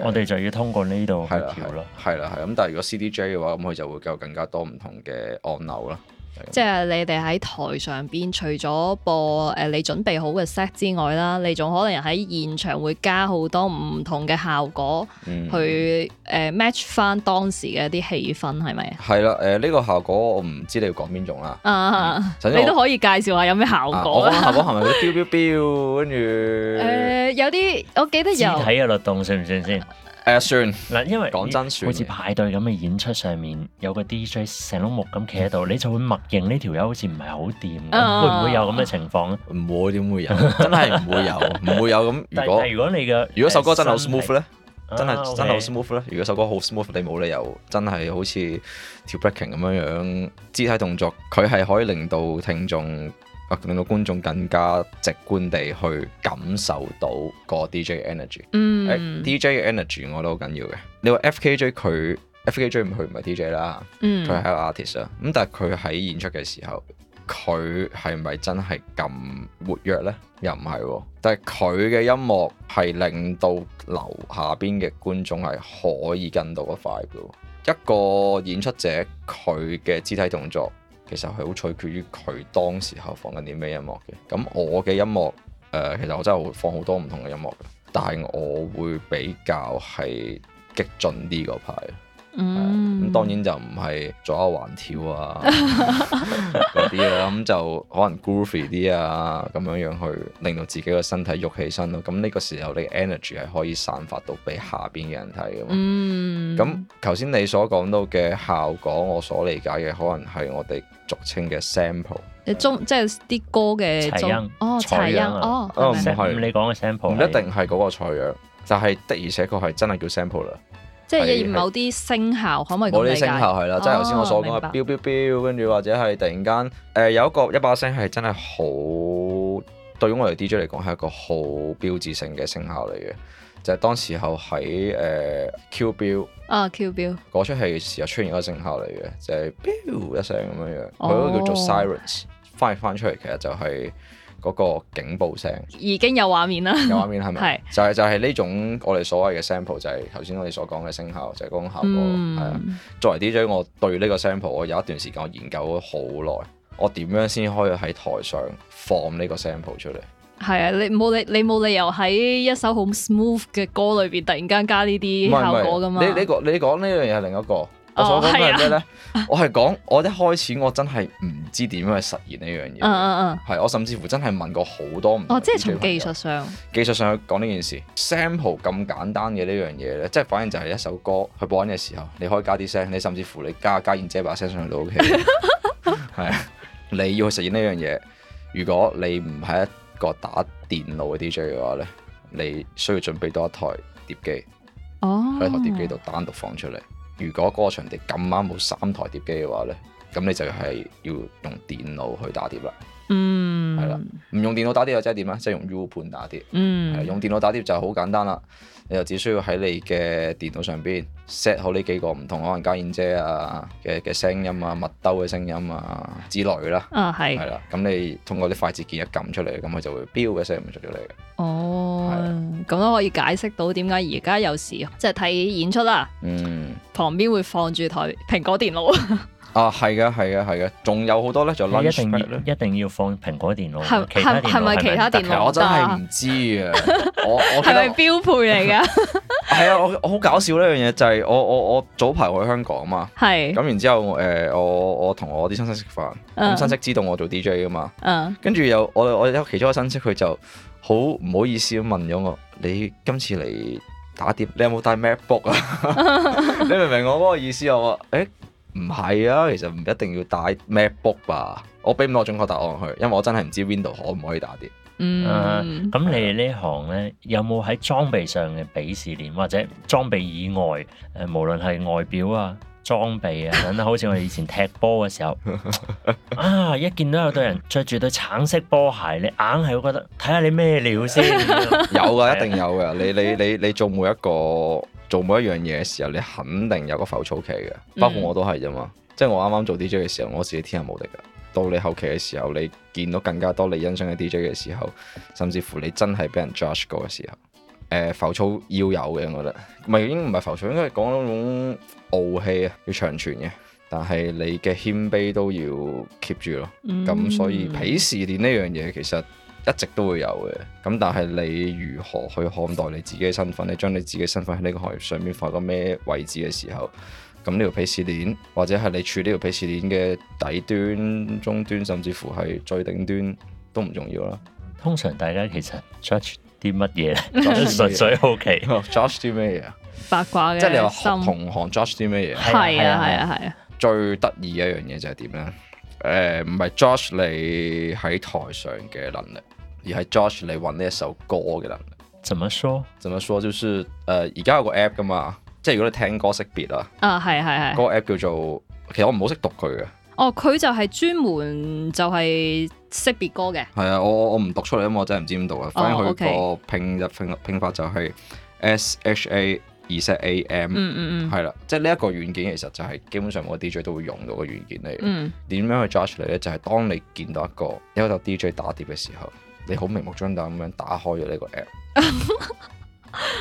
我哋就要通過呢度去調，係啦，係咯。係啦，係咁。但係如果 CDJ 嘅話，咁佢就會有更加多唔同嘅按鈕啦。即係你哋喺台上邊，除咗播誒、呃、你準備好嘅 set 之外啦，你仲可能喺現場會加好多唔同嘅效果、嗯、去誒、呃、match 翻當時嘅一啲氣氛，係咪啊？係啦，誒、呃、呢、呢個效果我唔知你要講邊種啦。啊，嗯、你都可以介紹下有咩效果、啊、效果係咪會飆飆飆，跟住誒有啲我記得有肢體嘅律動，算唔算先？呃誒算嗱，因為講真，算好似派對咁嘅演出上面，有個 DJ 成碌木咁企喺度，你就會默認呢條友好似唔係好掂，會唔會有咁嘅情況咧？唔會，點會有，真係唔會有，唔會有咁。如果如果你嘅如果首歌真係好 smooth 咧，真係真係好 smooth 咧。如果首歌好 smooth，你冇理由真係好似跳 breaking 咁樣樣肢體動作，佢係可以令到聽眾。啊，令到觀眾更加直觀地去感受到個 DJ energy、mm. 欸。嗯，DJ energy 我都好緊要嘅。你話 F.K.J 佢，F.K.J 唔佢唔係 DJ 啦，佢係一、mm. 個 artist 啦。咁但係佢喺演出嘅時候，佢係咪真係咁活躍咧？又唔係喎。但係佢嘅音樂係令到樓下邊嘅觀眾係可以跟到個快嘅。一個演出者佢嘅肢體動作。其實係好取決於佢當時候放緊啲咩音樂嘅。咁我嘅音樂，誒、呃，其實我真係會放好多唔同嘅音樂，但係我會比較係激進啲嗰派。嗯，咁當然就唔係左右橫跳啊嗰啲嘢啦，咁就可能 groovy 啲啊，咁樣樣去令到自己個身體喐起身咯。咁呢個時候，你 energy 係可以散發到俾下邊嘅人睇嘅嘛。嗯，咁頭先你所講到嘅效果，我所理解嘅可能係我哋俗稱嘅 sample。中即係啲歌嘅採音，哦，採音，哦，唔係你講嘅 sample，唔一定係嗰個採樣，但係的而且確係真係叫 sample 啦。即係一啲某啲聲效，是可唔可以咁理解？某啲聲效係啦，哦、即係頭先我所講嘅，彪彪彪，跟住或者係突然間，誒、呃、有一個一把聲係真係好，對於我哋 DJ 嚟講係一個好標誌性嘅聲效嚟嘅，就係、是、當時候喺誒 Q 標啊 Q 標嗰出戲時候出現嘅聲效嚟嘅，就係、是、彪一聲咁樣樣，嗰個叫做 sirens，、哦、 翻翻出嚟，其實就係、是。嗰個警報聲已經有畫面啦，有畫面係咪？係是就係、是、就係、是、呢種我哋所謂嘅 sample，就係頭先我哋所講嘅聲效，就係、是、嗰種效果。嗯，係啊，作為 DJ，我對呢個 sample，我有一段時間我研究咗好耐，我點樣先可以喺台上放呢個 sample 出嚟？係啊，你冇你你冇理由喺一首好 smooth 嘅歌裏邊突然間加呢啲效果噶嘛？唔係唔係你你你講呢樣嘢係另一個。我所講係咩咧？啊、我係講我一開始我真係唔知點樣去實現呢樣嘢。嗯嗯嗯，係我甚至乎真係問過好多唔。哦，uh, 即係從技術上。技術上去講呢件事，sample 咁簡單嘅呢樣嘢咧，即係反正就係一首歌去播嘅時候，你可以加啲聲，你甚至乎你加加然之後把聲上去都 OK。係啊， 你要去實現呢樣嘢，如果你唔係一個打電腦嘅 DJ 嘅話咧，你需要準備多一台碟機。哦。喺台碟機度單獨放出嚟。如果個場地咁啱冇三台碟機嘅話咧，咁你就係要用電腦去打碟啦。嗯，係啦，唔用電腦打碟又真係點啊？即係用 U 盤打碟，嗯，用電腦打碟就好簡單啦。你就只需要喺你嘅電腦上邊 set 好呢幾個唔同，可能家燕姐啊嘅嘅聲音啊、麥兜嘅聲音啊之類啦。係、啊，係啦，咁你通過啲快捷鍵一撳出嚟，咁佢就會 Bill 嘅聲音出咗嚟嘅。哦，咁都的、哦、可以解釋到點解而家有時即係睇演出啦、啊，嗯，旁邊會放住台蘋果電腦。 啊，係嘅，係嘅，係嘅，仲有好多咧，就拎乜咧？一定要放蘋果電腦，係係係咪其他電腦，是是他電腦我真係唔知啊！我，我，係咪標配嚟噶？係啊！我我好搞笑呢樣嘢就係、是、我我我早排去香港啊嘛，咁是然後、呃我我 uh, 之後誒我我同我啲親戚食飯，咁親戚知道我做 DJ 噶嘛，跟住又我我有其中一個親戚佢就好唔好意思咁問咗我：你今次嚟打碟，你有冇帶 MacBook 啊？ 你明唔明我嗰個意思啊？誒？誒唔係啊，其實唔一定要帶 MacBook 吧。我俾唔到準確答案去，因為我真係唔知 Window 可唔可以打碟。嗯，咁、uh, 嗯、你哋呢行呢，有冇喺裝備上嘅鄙視鏈，或者裝備以外，誒無論係外表啊、裝備啊等等，好似我哋以前踢波嘅時候， 啊一見到有對人着住對橙色波鞋，你硬係會覺得睇下你咩料先。 有噶，一定有噶 你你你你做每一個。做每一樣嘢嘅時候，你肯定有個浮躁期嘅，包括我都係啫嘛。 即係我啱啱做 DJ 嘅時候，我自己天下無敵嘅。到你後期嘅時候，你見到更加多你欣賞嘅 DJ 嘅時候，甚至乎你真係俾人 judge 過嘅時候，誒、呃，浮躁要有嘅，我覺得。唔係已經唔係浮躁，應該係講一種傲氣啊，要長存嘅。但係你嘅謙卑都要 keep 住咯。咁 所以鄙視鏈呢樣嘢，其實。一直都會有嘅，咁但係你如何去看待你自己嘅身份？你將你自己身份喺呢個行業上面放到咩位置嘅時候，咁呢條鄙視鏈，或者係你處呢條鄙視鏈嘅底端、中端，甚至乎係最頂端，都唔重要啦。通常大家其實 judge 啲乜嘢咧？純粹好奇，judge 啲咩嘢啊？八卦嘅。即係你同行 judge 啲咩嘢？係啊，係啊，係啊。最得意一樣嘢就係點咧？誒，唔係 judge 你喺台上嘅能力。而係 judge 嚟揾呢一首歌嘅能力。怎麼說？怎麼說？就是誒，而、呃、家有個 app 噶嘛，即係如果你聽歌識別啦。啊，係係係。嗰個 app 叫做，其實我唔好識讀佢嘅。哦，佢就係專門就係識別歌嘅。係啊，我我唔讀出嚟啊嘛，因為我真係唔知點讀啊。反正佢個拼音、哦 okay、拼，拼，拼，拼法就係 S H A Z A M，嗯係啦、嗯嗯。即係呢一個軟件其實就係基本上我 D J 都會用到嘅軟件嚟。嗯。點樣去 judge 嚟咧？就係、是、當你見到一個一開頭 D J 打碟嘅時候。你好明目張膽咁樣打開咗呢個 app，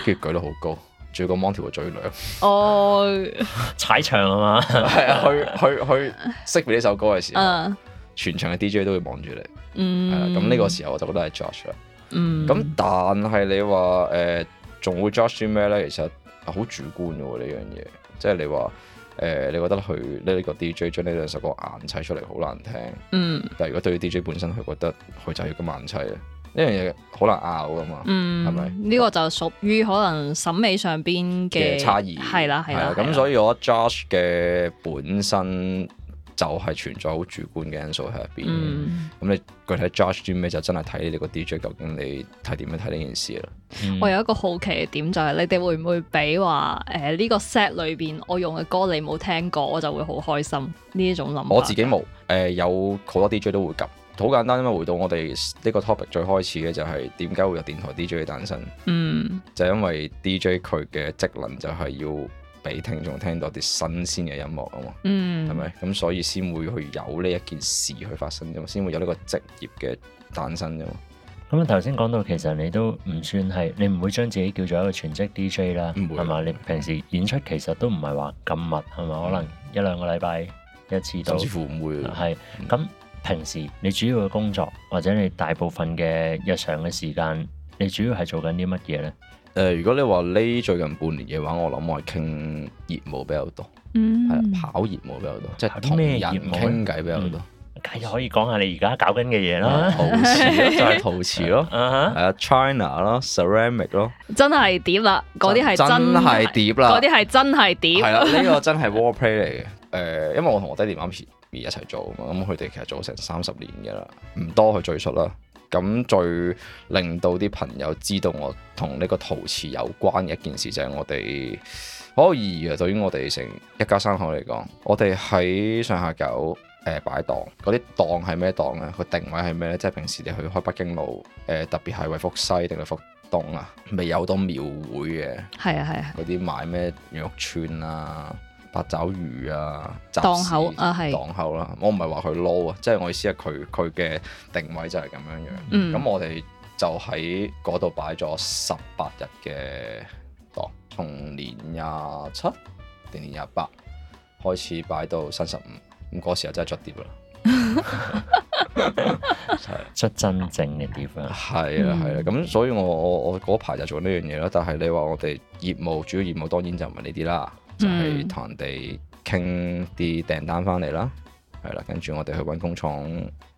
跟住 舉得好高，仲要個芒調個最亮哦， 踩場啊嘛，係 啊， 去去去識別呢首歌嘅時候，uh. 全場嘅 DJ 都會望住你，mm. 嗯，咁呢個時候我就覺得係 judge 啦，嗯、呃，咁但係你話誒仲會 judge 啲咩咧？其實好主觀嘅呢樣嘢，即、就、係、是、你話。誒，你覺得佢呢個 DJ 將呢兩首歌硬砌出嚟好難聽，嗯，但係如果對於 DJ 本身，佢覺得佢就要咁硬砌咧，呢樣嘢好難拗噶嘛，嗯，係咪？呢個就屬於可能審美上邊嘅差異，係啦係啦，咁所以我覺得 Josh 嘅本身。就係存在好主觀嘅因素喺入邊。咁、嗯、你具體 judge 啲咩就真係睇你個 DJ 究竟你睇點樣睇呢件事啦。我有一個好奇嘅點就係、係、你哋會唔會俾話誒呢個 set 裏邊我用嘅歌你冇聽過，我就會好開心呢一種諗法。我自己冇誒、呃，有好多 DJ 都會噉。好簡單啊嘛，因為回到我哋呢個 topic 最開始嘅就係點解會有電台 DJ 嘅誕生。嗯，就因為 DJ 佢嘅職能就係要。俾聽眾聽到啲新鮮嘅音樂啊嘛，係咪、嗯？咁所以先會去有呢一件事去發生，咁先會有呢個職業嘅誕生㗎嘛。咁啊頭先講到，其實你都唔算係，你唔會將自己叫做一個全職 DJ 啦，係嘛？你平時演出其實都唔係話咁密，係咪？嗯、可能一兩個禮拜一次到，甚至乎唔會。係咁是，嗯、平時你主要嘅工作或者你大部分嘅日常嘅時間，你主要係做緊啲乜嘢咧？誒，如果你話呢最近半年嘅話，我諗我係傾業務比較多，係跑業務比較多，即係同人傾偈比較多。咁又可以講下你而家搞緊嘅嘢啦，陶瓷就係陶瓷咯，係啊，China 咯，ceramic 咯，真係碟啦，嗰啲係真係碟啦，嗰啲係真係碟。係啦，呢個真係 Warplay 嚟嘅，誒，因為我同我爹哋媽咪一齊做啊嘛，咁佢哋其實做成三十年噶啦，唔多去追溯啦。咁最令到啲朋友知道我同呢個陶瓷有關嘅一件事就，就係我哋好有意義啊！對於我哋成一家三口嚟講，我哋喺上下九誒擺檔，嗰啲檔係咩檔咧？個定位係咩咧？即係平時你去開北京路誒、呃，特別係惠福西定係福東啊，咪有好多廟會嘅，係啊係啊，嗰啲賣咩羊肉串啦～八爪魚啊，檔口啊係檔口啦，我唔係話佢 low 啊，即係我意思係佢佢嘅定位就係咁樣樣。咁、嗯、我哋就喺嗰度擺咗十八日嘅檔，從年廿七定年廿八開始擺到三十五，咁嗰時候真係出碟啦，出真正嘅碟啦。係啊係啊，咁所以我我我嗰排就做呢樣嘢啦。但係你話我哋業務主要業務，要務當然就唔係呢啲啦。就係同人哋傾啲訂單翻嚟啦，係啦，跟住我哋去揾工廠落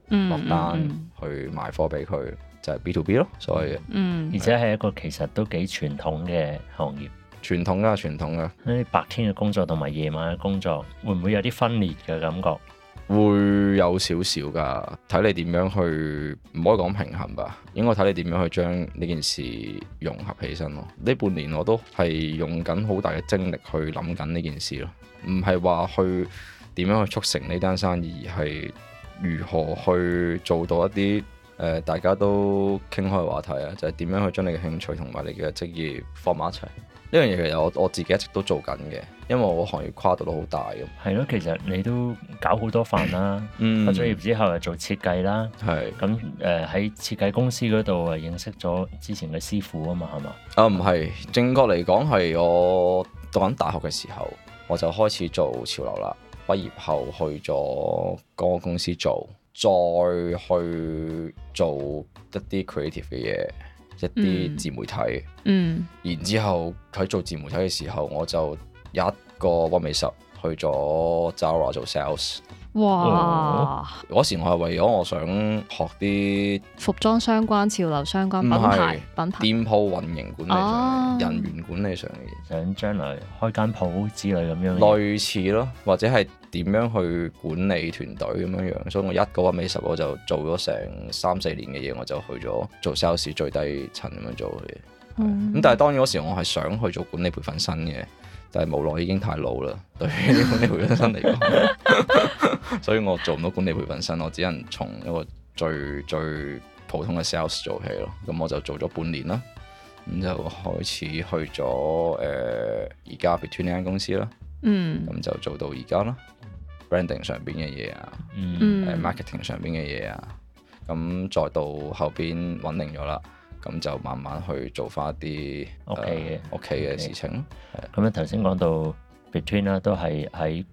單，嗯嗯嗯、去賣貨俾佢，就係、是、B to B 咯。所以，嗯，的而且係一個其實都幾傳統嘅行業，傳統啊，傳統啊。咁你白天嘅工作同埋夜晚嘅工作，會唔會有啲分裂嘅感覺？會有少少噶，睇你點樣去，唔可以講平衡吧。應該睇你點樣去將呢件事融合起身咯。呢半年我都係用緊好大嘅精力去諗緊呢件事咯，唔係話去點樣去促成呢單生意，而係如何去做到一啲、呃、大家都傾開嘅話題啊，就係、是、點樣去將你嘅興趣同埋你嘅職業放埋一齊。呢樣嘢，其實我我自己一直都做緊嘅，因為我行業跨度都好大咁。係咯，其實你都搞好多飯啦，嗯，畢業之後又做設計啦，係， 咁誒喺設計公司嗰度啊認識咗之前嘅師傅啊嘛，係嘛？啊唔係，正確嚟講係我讀緊大學嘅時候，我就開始做潮流啦，畢業後去咗嗰個公司做，再去做一啲 creative 嘅嘢。一啲自媒體，嗯，嗯，然之後佢做自媒體嘅時候，我就一個 o 美十去咗 Zara 做 sales。哇！嗰時我係為咗我想學啲服裝相關、潮流相關品牌、是品牌店鋪運營管理、啊、人員管理上嘅嘢，想將來開間鋪之類咁樣。類似咯，或者係點樣去管理團隊咁樣樣。嗯、所以我一嗰個美十，我就做咗成三四年嘅嘢，我就去咗做 sales 最低層咁樣做嘅嘢。咁、嗯、但係當然嗰時我係想去做管理培訓生嘅。但係無奈已經太老啦，對於管理培訓生嚟講， 所以我做唔到管理培訓生，我只能從一個最最普通嘅 sales 做起咯。咁我就做咗半年啦，咁就開始去咗誒而家 between 呢間公司啦。嗯，咁就做到而家啦，branding 上邊嘅嘢啊，誒、嗯呃、marketing 上邊嘅嘢啊，咁再到後邊穩定咗啦。咁就慢慢去做翻啲屋企嘅屋企嘅事情。咁咧 Okay. 是，頭先講到 Between 啦，都係喺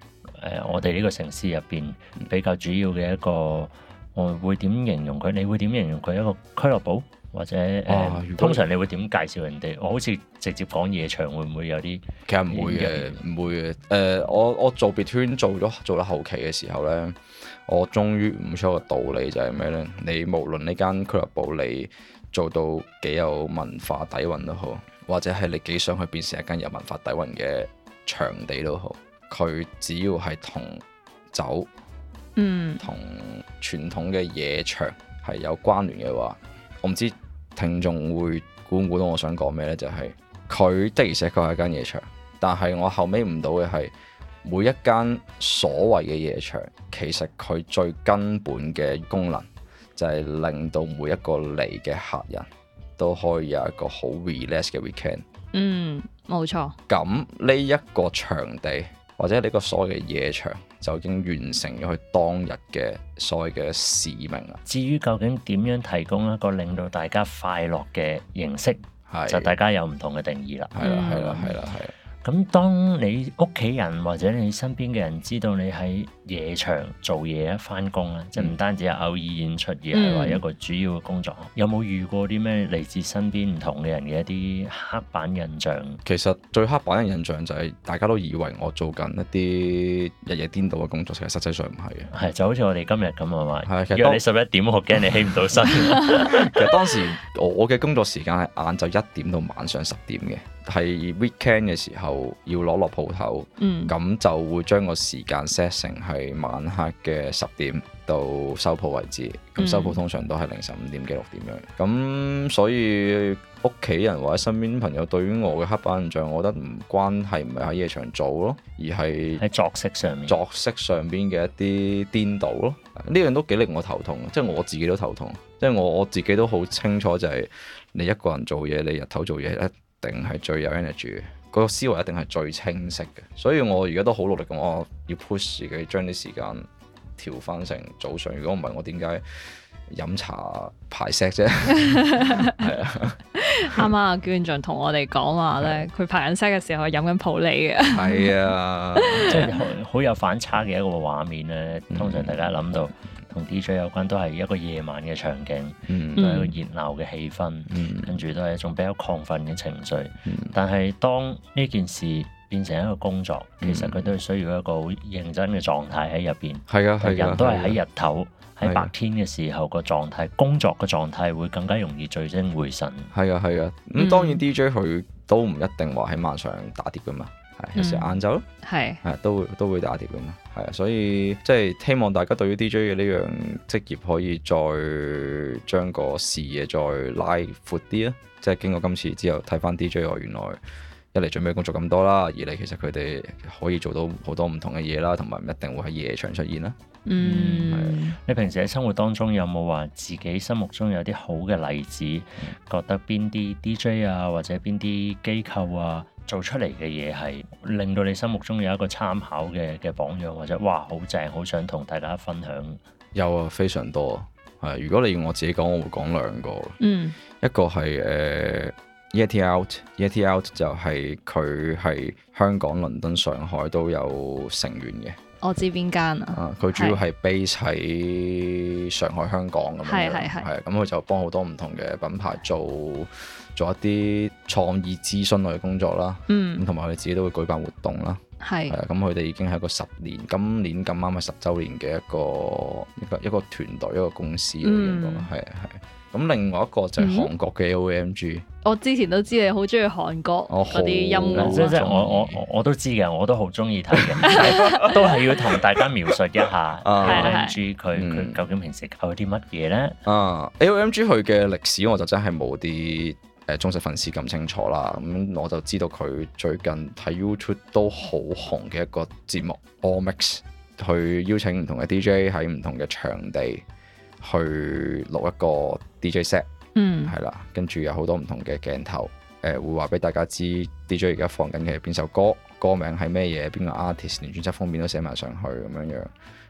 誒我哋呢個城市入邊比較主要嘅一個。嗯、我會點形容佢？你會點形容佢一個俱樂部？或者誒，通常你會點介紹人哋？我好似直接講夜場，會唔會有啲？其實唔會嘅，唔會嘅。誒、呃，我我做 Between 做咗做到後期嘅時候咧，我終於悟出一個道理，就係咩咧？你無論呢間俱樂部你做到幾有文化底蘊都好，或者係你幾想去變成一間有文化底蘊嘅場地都好，佢只要係同酒，嗯，同傳統嘅夜場係有關聯嘅話，我唔知聽眾會估唔估到我想講咩呢？就係、是、佢的而且確係間夜場，但係我後尾唔到嘅係每一間所謂嘅夜場，其實佢最根本嘅功能，就係令到每一個嚟嘅客人都可以有一個好 relax 嘅 weekend。嗯，冇錯。咁呢一個場地，或者呢個所謂嘅夜場，就已經完成咗佢當日嘅所謂嘅使命啦。至於究竟點樣提供一個令到大家快樂嘅形式，係。就大家有唔同嘅定義啦。係啦，係啦，係啦，係咁，當你屋企人或者你身邊嘅人知道你喺夜場做嘢啊、翻工咧，即係唔單止係偶爾演出，而係一個主要嘅工作，嗯、有冇遇過啲咩嚟自身邊唔同嘅人嘅一啲刻板印象？其實最刻板嘅印象就係大家都以為我做緊一啲日夜顛倒嘅工作，實際其實實際上唔係嘅。係就好似我哋今日咁啊嘛，如果你十一點，我驚你起唔到身。 其實當時我嘅工作時間係晏晝一點到晚上十點嘅。係 weekend 嘅時候要攞落鋪頭，咁、嗯、就會將個時間 set 成係晚黑嘅十點到收鋪為止。咁、嗯、收鋪通常都係凌晨五點幾六點樣。咁所以屋企人或者身邊朋友對於我嘅刻板印象，我覺得唔關係，唔係喺夜場做咯，而係喺作息上面，作息上邊嘅一啲顛倒咯。呢樣都幾令我頭痛，即、就、係、是、我自己都頭痛。即、就、係、是、我我自己都好清楚、就是，就係你一個人做嘢，你日頭做嘢咧。定係最有 energy，嗰個思維一定係最清晰嘅，所以我而家都好努力咁，我要 push 自己將啲時間調返成早上。如果唔係，我點解飲茶排石啫？係 啊，啱啱阿娟俊同我哋講話咧，佢排緊石嘅時候係飲緊普洱嘅，係啊，即係好有反差嘅一個畫面咧。嗯，通常大家諗到。同 D J 有關都係一個夜晚嘅場景，嗯、都係一個熱鬧嘅氣氛，嗯、跟住都係一種比較亢奮嘅情緒。嗯、但係當呢件事變成一個工作，嗯、其實佢都需要一個好認真嘅狀態喺入邊。係啊，係人都係喺日頭喺白天嘅時候個狀態，係啊，工作嘅狀態會更加容易聚精會神。係啊係啊，咁、嗯、當然 D J 佢都唔一定話喺晚上打碟噶嘛。有時晏晝，係、嗯，係都會都會打碟噶嘛，係，所以即係、就是、希望大家對於 DJ 嘅呢樣職業可以再將個視野再拉闊啲啊！即、就、係、是、經過今次之後，睇翻 DJ，我原來一嚟準備工作咁多啦，二嚟其實佢哋可以做到好多唔同嘅嘢啦，同埋唔一定會喺夜場出現啦。嗯，係是。你平時喺生活當中有冇話自己心目中有啲好嘅例子？嗯、覺得邊啲 DJ 啊，或者邊啲機構啊？做出嚟嘅嘢係令到你心目中有一個參考嘅嘅榜樣，或者哇，好正，好想同大家分享。有啊，非常多啊，如果你要我自己講，我會講兩個。嗯，一個係誒、uh, Yeti Out，Yeti Out 就係佢係香港、倫敦、上海都有成員嘅。我知邊間啊！佢、啊、主要係 base 喺是上海、香港咁樣嘅，係咁佢就幫好多唔同嘅品牌做做一啲創意諮詢類嘅工作啦。嗯，咁同埋佢哋自己都會舉辦活動啦。係是，咁佢哋已經係一個十年，今年咁啱係十週年嘅一個一個一個團隊一個公司嚟嘅，係啊係。咁另外一個就係韓國嘅 AOMG、嗯。我之前都知你好中意韓國嗰啲、哦、音樂，即即我我我都知嘅，我都好中意睇嘅， 都係要同大家描述一下 AOMG 佢究竟平時搞啲乜嘢咧？啊，AOMG 佢嘅歷史我就真係冇啲忠實粉絲咁清楚啦。咁我就知道佢最近睇 YouTube 都好紅嘅一個節目，All Mix，去邀請唔同嘅 DJ 喺唔同嘅場地去錄一個 DJ set。嗯，係啦，跟住有好多唔同嘅鏡頭，誒、呃、會話俾大家知 DJ 而家放緊嘅邊首歌，歌名係咩嘢，邊個 artist，連專輯封面都寫埋上去咁樣樣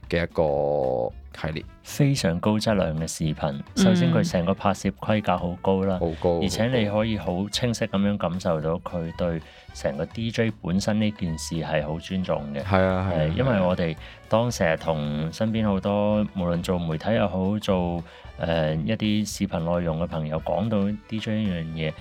嘅一個系列，非常高質量嘅視頻。首先佢成個拍攝規格好高啦，好高，嗯、而且你可以好清晰咁樣感受到佢對成個 DJ 本身呢件事係好尊重嘅。係、嗯、啊，係、啊，因為我哋當成日同身邊好多無論做媒體又好做。誒、呃、一啲視頻內容嘅朋友講到 DJ 呢樣嘢，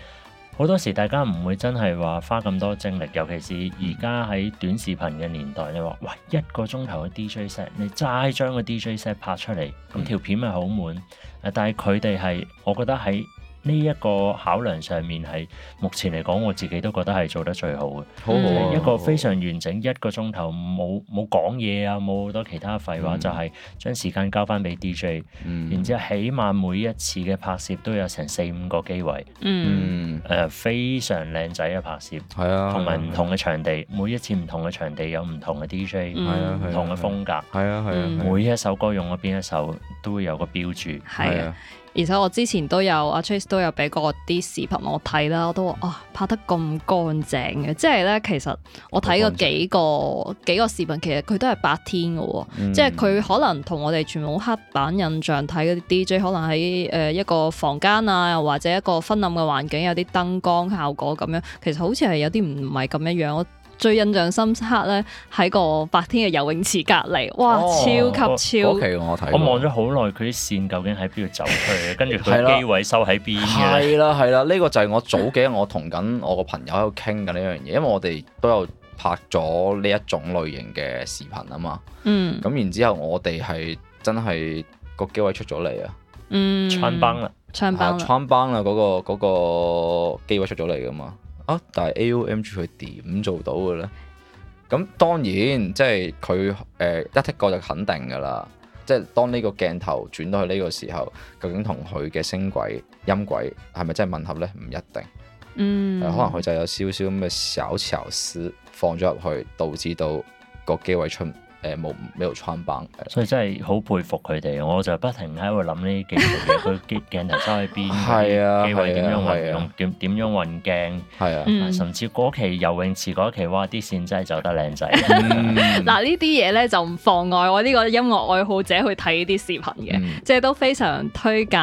好多時大家唔會真係話花咁多精力，尤其是而家喺短視頻嘅年代，你話哇一個鐘頭嘅 DJ set，你齋將個 DJ set 拍出嚟，咁條片咪好滿。誒，但係佢哋係，我覺得喺。呢一個考量上面係目前嚟講，我自己都覺得係做得最好嘅，即係一個非常完整一個鐘頭冇冇講嘢啊，冇好多其他廢話，就係將時間交翻俾 DJ，然之後起碼每一次嘅拍攝都有成四五個機位，嗯誒非常靚仔嘅拍攝，係啊，同埋唔同嘅場地，每一次唔同嘅場地有唔同嘅 DJ，唔同嘅風格，係啊係啊，每一首歌用咗邊一首都會有個標註，係啊。而且我之前都有阿 Trace 都有俾過啲視頻我睇啦，我都話啊拍得咁乾淨嘅，即係咧其實我睇過幾個幾個視頻，其實佢都係白天嘅，即係佢可能同我哋全部黑板印象睇嗰啲 DJ，可能喺誒一個房間啊，又或者一個昏暗嘅環境，有啲燈光效果咁樣，其實好似係有啲唔係咁一樣。最印象深刻咧，喺個白天嘅游泳池隔籬，哇，哦、超級超。O K，、那個、我睇。我望咗好耐，佢啲線究竟喺邊度走出嚟嘅？跟住佢機位收喺邊嘅？係啦， 係啦，呢 個就係我早幾日我同緊我個朋友喺度傾緊呢樣嘢，因為我哋都有拍咗呢一種類型嘅視頻啊嘛。嗯。咁然之後我，我哋係真係個機位出咗嚟、嗯、啊！嗯，穿崩啦，穿崩崩啦，嗰、那個嗰機位出咗嚟噶嘛。啊！但係 AOMG 佢點做到嘅咧？咁當然即係佢誒一剔過就肯定嘅啦。即係當呢個鏡頭轉到去呢個時候，究竟同佢嘅聲軌音軌係咪真係吻合咧？唔一定。嗯、呃，可能佢就有少少咁嘅小潮絲放咗入去，導致到個機位出。誒冇冇到穿棒，所以真係好佩服佢哋，我就不停喺度諗呢幾條嘢，佢啲鏡頭收喺邊，機位點樣運、啊啊、用，點點樣運鏡，係啊，嗯、甚至嗰期游泳池嗰期，哇！啲線真係走得靚仔，嗱呢啲嘢咧就唔妨礙我呢個音樂愛好者去睇呢啲視頻嘅，即係、嗯、都非常推介。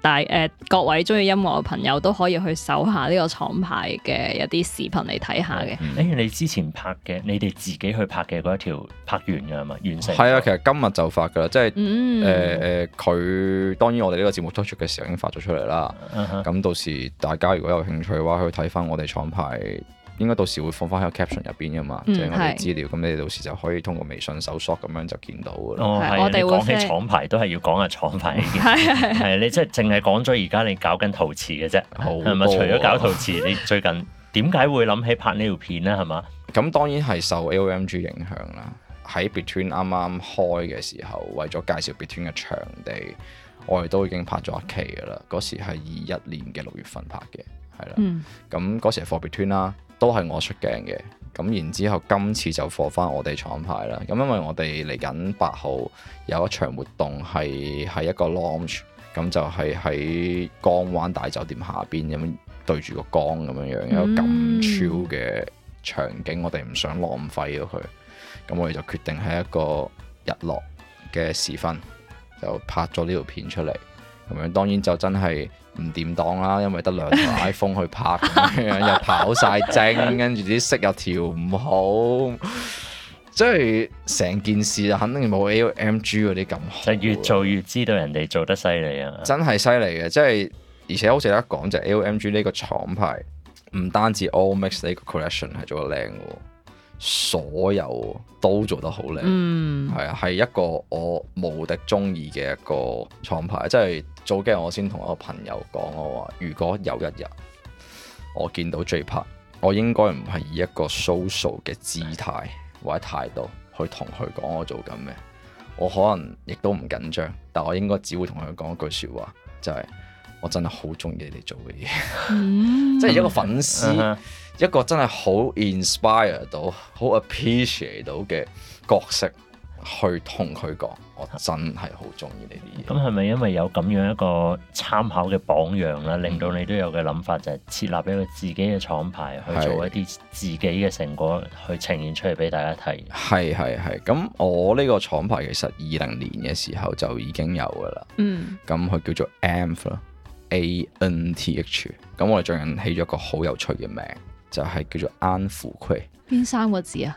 但係誒、呃，各位中意音樂嘅朋友都可以去搜下呢個廠牌嘅一啲視頻嚟睇下嘅。誒、嗯，你之前拍嘅，你哋自己去拍嘅嗰一條拍完嘅係咪？完成係啊，其實今日就發㗎啦，即係誒誒，佢當然我哋呢個節目推出嘅時候已經發咗出嚟啦。咁到時大家如果有興趣嘅話，去睇翻我哋廠牌。應該到時會放翻喺 caption 入邊噶嘛，即係我哋資料，咁是你哋到時就可以通過微信搜索咁樣就見到噶啦。哦，我哋會講起廠牌都係要講下廠牌嚟嘅 的， 你即係淨係講咗而家你搞緊陶瓷嘅啫，好吧！係咪？除咗搞陶瓷，你最近點解會諗起拍呢條片咧？係嘛？咁 當然係受 AOMG 影響啦。喺 Between 啱啱開嘅時候，為咗介紹 Between 嘅場地，我哋都已經拍咗一期噶啦。嗰時係二一年嘅六月份拍嘅，係、嗯、啦。咁嗰時係 for Between 啦。都係我出鏡嘅，咁然之後今次就放翻我哋廠牌啦。咁因為我哋嚟緊八號有一場活動係喺一個 launch，咁就係喺江灣大酒店下邊咁對住個江咁樣樣，有個咁 chill 嘅場景，mm. 我哋唔想浪費咗佢，咁我哋就決定喺一個日落嘅時分就拍咗呢條片出嚟。咁樣當然就真係～唔掂當啦，因為得兩台 iPhone 去拍。 又跑晒精，跟住啲色又調唔好，即係成件事就肯定冇 AOMG 嗰啲咁好，就越做越知道人哋做得犀利啊！真係犀利嘅，即係而且好值得講就係 AOMG 呢個廠牌，唔單止 All Mixed 呢個 Collection 係做得靚嘅，所有都做得好靚。嗯，係啊，係一個我無敵中意嘅一個廠牌，即係。早幾日我先同我朋友講，我話：如果有一日我見到 Jay Park，我應該唔係以一個 social 嘅姿態或者態度去同佢講我做緊咩，我可能亦都唔緊張，但我應該只會同佢講一句説話，就係、是：我真係好中意你做嘅嘢， mm hmm. 即係一個粉絲，mm hmm. 一個真係好 inspire 到、好 appreciate 到嘅角色。去同佢講，我真係好中意呢啲嘢。咁係咪因為有咁樣一個參考嘅榜樣啦，令到你都有嘅諗法，就係、是、設立一個自己嘅廠牌去做一啲自己嘅成果，是去呈現出嚟俾大家睇。係係係。咁我呢個廠牌其實二零年嘅時候就已經有噶啦。嗯。咁佢叫做 Anth 咯，A N T H。咁我哋最近起咗個好有趣嘅名，就係、是、叫做安撫會。邊三個字啊？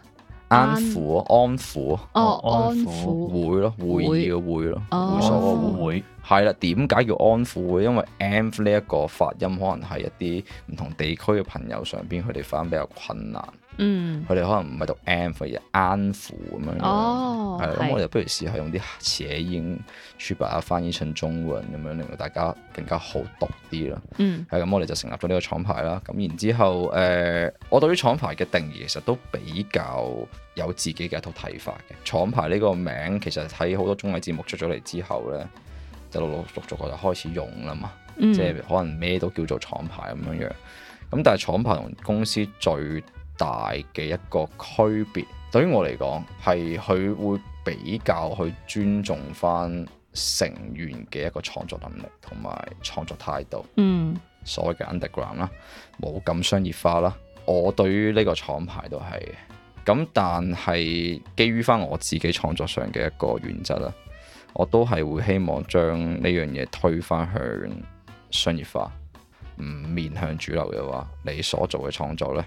安撫安撫安撫會咯，會議嘅會咯，會所嘅會，係啦，點解叫安撫嘅？因為 M 呢一個發音可能係一啲唔同地區嘅朋友上邊佢哋發音比較困難。嗯，佢哋可能唔係讀 M，而係安撫咁樣。哦是，係。咁我哋不如試下用啲寫英，出白下翻譯成中文咁樣，令到大家更加好讀啲咯。嗯，係咁，我哋就成立咗呢個廠牌啦。咁然之後，後，誒、呃，我對於廠牌嘅定義其實都比較有自己嘅一套睇法嘅。廠牌呢個名，其實喺好多綜藝節目出咗嚟之後咧，就陸陸續續就開始用啦嘛。嗯、即係可能咩都叫做廠牌咁樣樣。咁但係廠牌同公司最大嘅一個區別，對於我嚟講係佢會比較去尊重返成員嘅一個創作能力同埋創作態度，嗯，所謂嘅 underground 啦，冇咁商業化啦。我對於呢個廠牌都係咁，但係基於返我自己創作上嘅一個原則啦，我都係會希望將呢樣嘢推返向商業化，唔面向主流嘅話，你所做嘅創作呢，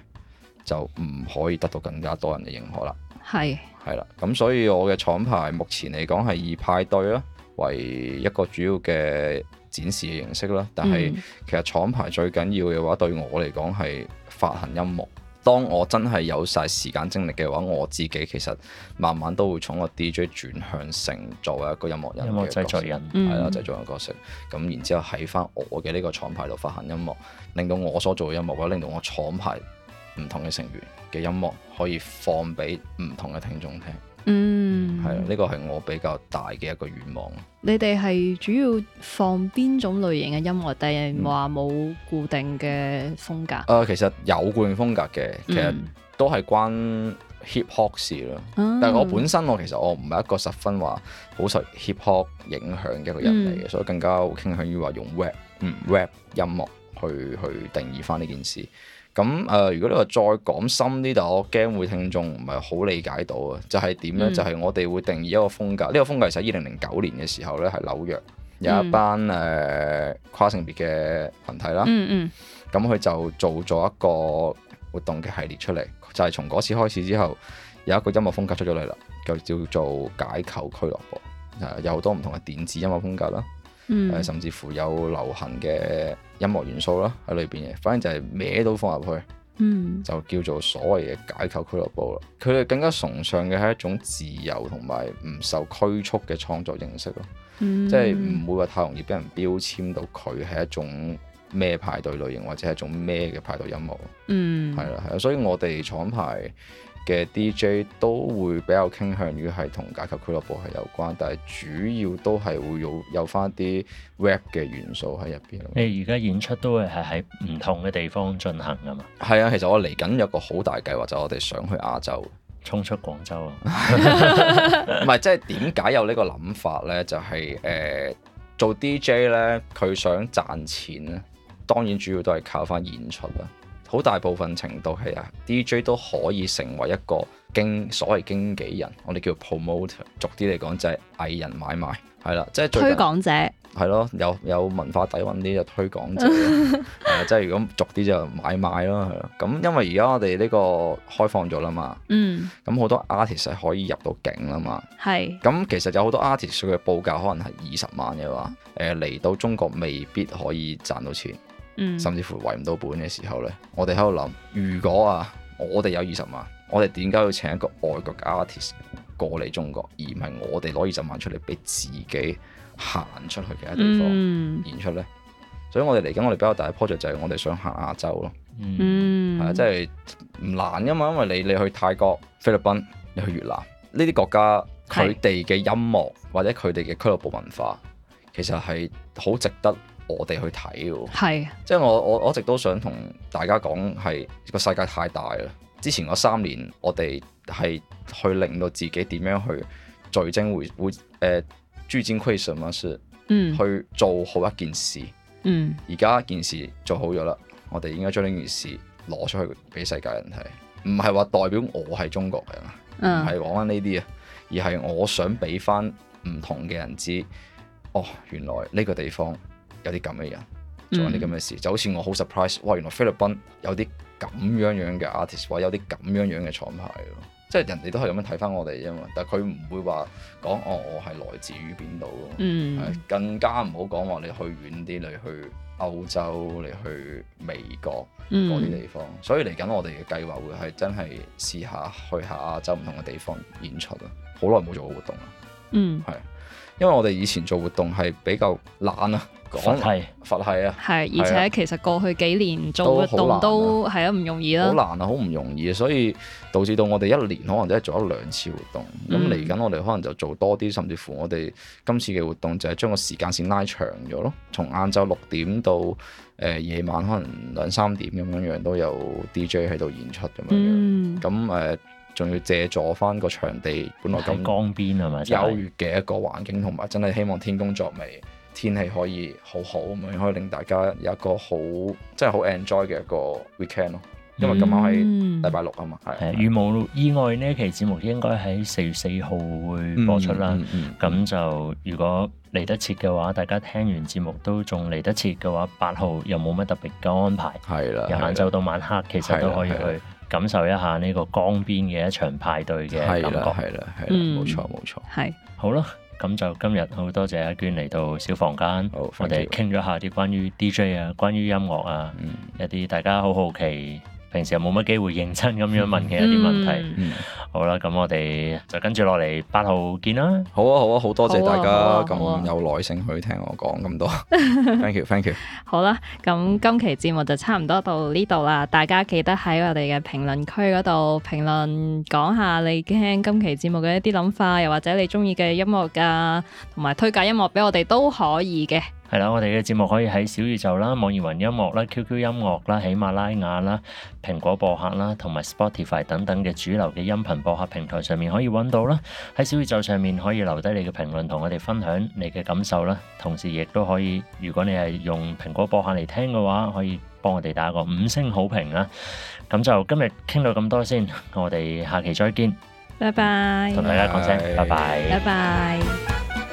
就唔可以得到更加多人嘅認可啦。係是，係啦，咁所以我嘅廠牌目前嚟講，係以派對啦為一個主要嘅展示嘅形式啦。但係其實廠牌最緊要嘅話，對我嚟講，係發行音樂。當我真係有晒時間精力嘅話，我自己其實慢慢都會從個 DJ 轉向成作為一個音樂人嘅角色，係啦，製作人角色。咁、嗯、然之後，喺翻我嘅呢個廠牌度發行音樂，令到我所做嘅音樂，令到我廠牌。唔同嘅成員嘅音樂可以放俾唔同嘅聽眾聽，嗯，係啊、嗯，呢個係我比較大嘅一個願望。你哋係主要放邊種類型嘅音樂？定係話冇固定嘅風格？誒、嗯啊，其實有固定風格嘅，其實都係關 hip hop 事咯。嗯、但係我本身我其實我唔係一個十分話好受 hip hop 影響嘅一個人嚟嘅，嗯、所以更加傾向於話用 rap 嗯 rap 音樂去去定義翻呢件事。咁誒、呃，如果呢個再講深啲，但我驚會聽眾唔係好理解到啊！就係、係、點呢？嗯、就係我哋會定義一個風格。呢、呢個風格其實二零零九年嘅時候呢係紐約有一班誒、嗯呃、跨性別嘅群體啦。嗯咁佢、嗯、就做咗一個活動嘅系列出嚟，就係、係、從嗰次開始之後，有一個音樂風格出咗嚟啦，就叫做解構俱樂部。有好多唔同嘅電子音樂風格啦。嗯嗯、甚至乎有流行嘅音樂元素啦，喺裏邊嘅，反正就係咩都放入去，嗯、就叫做所謂嘅解構俱樂部啦。佢哋更加崇尚嘅係一種自由同埋唔受拘束嘅創作形式咯，即係唔會話太容易俾人標籤到佢係一種咩派對類型，或者係一種咩嘅派對音樂。嗯，係啦係啦，所以我哋廠牌嘅 DJ 都會比較傾向於係同街頭俱樂部係有關，但係主要都係會有有翻啲 rap 嘅元素喺入邊。你而家演出都會係喺唔同嘅地方進行㗎嘛？係啊，其實我嚟緊有個好大計劃，就我哋想去亞洲，衝出廣州啊！唔 係， 即係點解有個呢個諗法咧？就係、是、誒、呃、做 DJ 咧，佢想賺錢咧，當然主要都係靠翻演出啦。好大部分程度係啊，DJ 都可以成為一個經所謂經紀人，我哋叫 promoter，俗啲嚟講就係藝人買賣係啦，即係、就是、推廣者係咯，有有文化底蘊啲就推廣者， 啊、即係如果俗啲就買賣咯，係咯。咁因為而家我哋呢個開放咗啦嘛，嗯，咁好多 artist 係可以入到境啦嘛，係是。咁其實有好多 artist 佢嘅報價可能係二十萬嘅話，誒嚟到中國未必可以賺到錢。甚至乎為唔到本嘅時候呢，我哋喺度諗，如果啊，我哋有二十萬，我哋點解要請一個外國嘅 artist 過嚟中國，而唔係我哋攞二十萬出嚟俾自己行出去其他地方，嗯、演出呢？所以我哋嚟緊我哋比較大嘅 project 就係我哋想行亞洲咯，係啊、嗯，即係唔難噶嘛，因為你你去泰國、菲律賓、你去越南呢啲國家，佢哋嘅音樂是或者佢哋嘅俱樂部文化，其實係好值得。我哋去睇喎，是即係我我一直都想同大家講，係個世界太大啦。之前嗰三年，我哋係去令到自己點樣去聚精會會誒，聚焦 question 嘛，嗯，去做好一件事，嗯，而家件事做好咗啦，我哋應該將呢件事攞出去俾世界人睇，唔係話代表我係中國人啊，唔係講翻呢啲啊，而係我想俾翻唔同嘅人知，哦，原來呢個地方。有啲咁嘅人做啲咁嘅事，嗯、就好似我好 surprise，哇！原來菲律賓有啲咁樣樣嘅 artist，或有啲咁樣樣嘅廠牌咯，即係人哋都係咁樣睇翻我哋啫嘛。但係佢唔會話講哦，我係來自於邊度，係、嗯、更加唔好講話你去遠啲，你去歐洲，你去美國嗰啲地方。嗯、所以嚟緊我哋嘅計劃會係真係試下去下亞洲唔同嘅地方演出啦。好耐冇做過活動啦，嗯，係。因為我哋以前做活動係比較懶啊，講、係佛，係佛系啊，係而且其實過去幾年、啊、做活動都係啊唔容易啦，好難啊，好唔、啊、容易啊，啊容易，所以導致到我哋一年可能都係做咗兩次活動。咁嚟緊我哋可能就做多啲，甚至乎我哋今次嘅活動就係將個時間線拉長咗咯，從晏晝六點到誒、呃、夜晚可能兩三點咁樣樣都有 DJ 喺度演出咁樣樣，咁誒、嗯。仲要借助翻個場地，本來咁江邊係咪優越嘅一個環境，同埋真係希望天公作美，天氣可以好好咁樣，可以令大家有一個好即係好 enjoy 嘅一個 weekend 咯。因為今晚係禮拜六啊嘛，係、嗯。如無意外呢一期節目應該喺四月四號會播出啦。咁、嗯嗯嗯、就如果嚟得切嘅話，大家聽完節目都仲嚟得切嘅話，八號又冇乜特別嘅安排，係啦。由晏晝到晚黑，其實都可以去。的感受一下呢個江邊嘅一場派對嘅感覺，係啦，係啦，冇錯，冇錯、嗯，係的好啦，咁就今日好多謝阿娟嚟到小房間，好我哋傾咗下啲關於 DJ 啊，關於音樂啊，一啲、嗯、大家好好奇。平時又冇乜機會認真咁樣問嘅一啲問題，嗯、好啦，咁我哋就跟住落嚟八號見啦。好啊，好啊，好多謝大家咁有耐性去聽我講咁多。 thank you，Thank you, thank you. 好。好啦，咁今期節目就差唔多到呢度啦。大家記得喺我哋嘅評論區嗰度評論，講下你聽今期節目嘅一啲諗法，又或者你中意嘅音樂噶、啊，同埋推介音樂俾我哋都可以嘅。係啦，我哋嘅節目可以喺小宇宙啦、網易雲音樂啦、QQ 音樂啦、喜馬拉雅啦、蘋果播客啦，同埋 Spotify 等等嘅主流嘅音頻播客平台上面可以揾到啦。喺小宇宙上面可以留低你嘅評論，同我哋分享你嘅感受啦。同時亦都可以，如果你係用蘋果播客嚟聽嘅話，可以幫我哋打個五星好評啦。咁就今日傾到咁多先，我哋下期再見。拜拜 bye，同大家講聲拜拜，拜拜。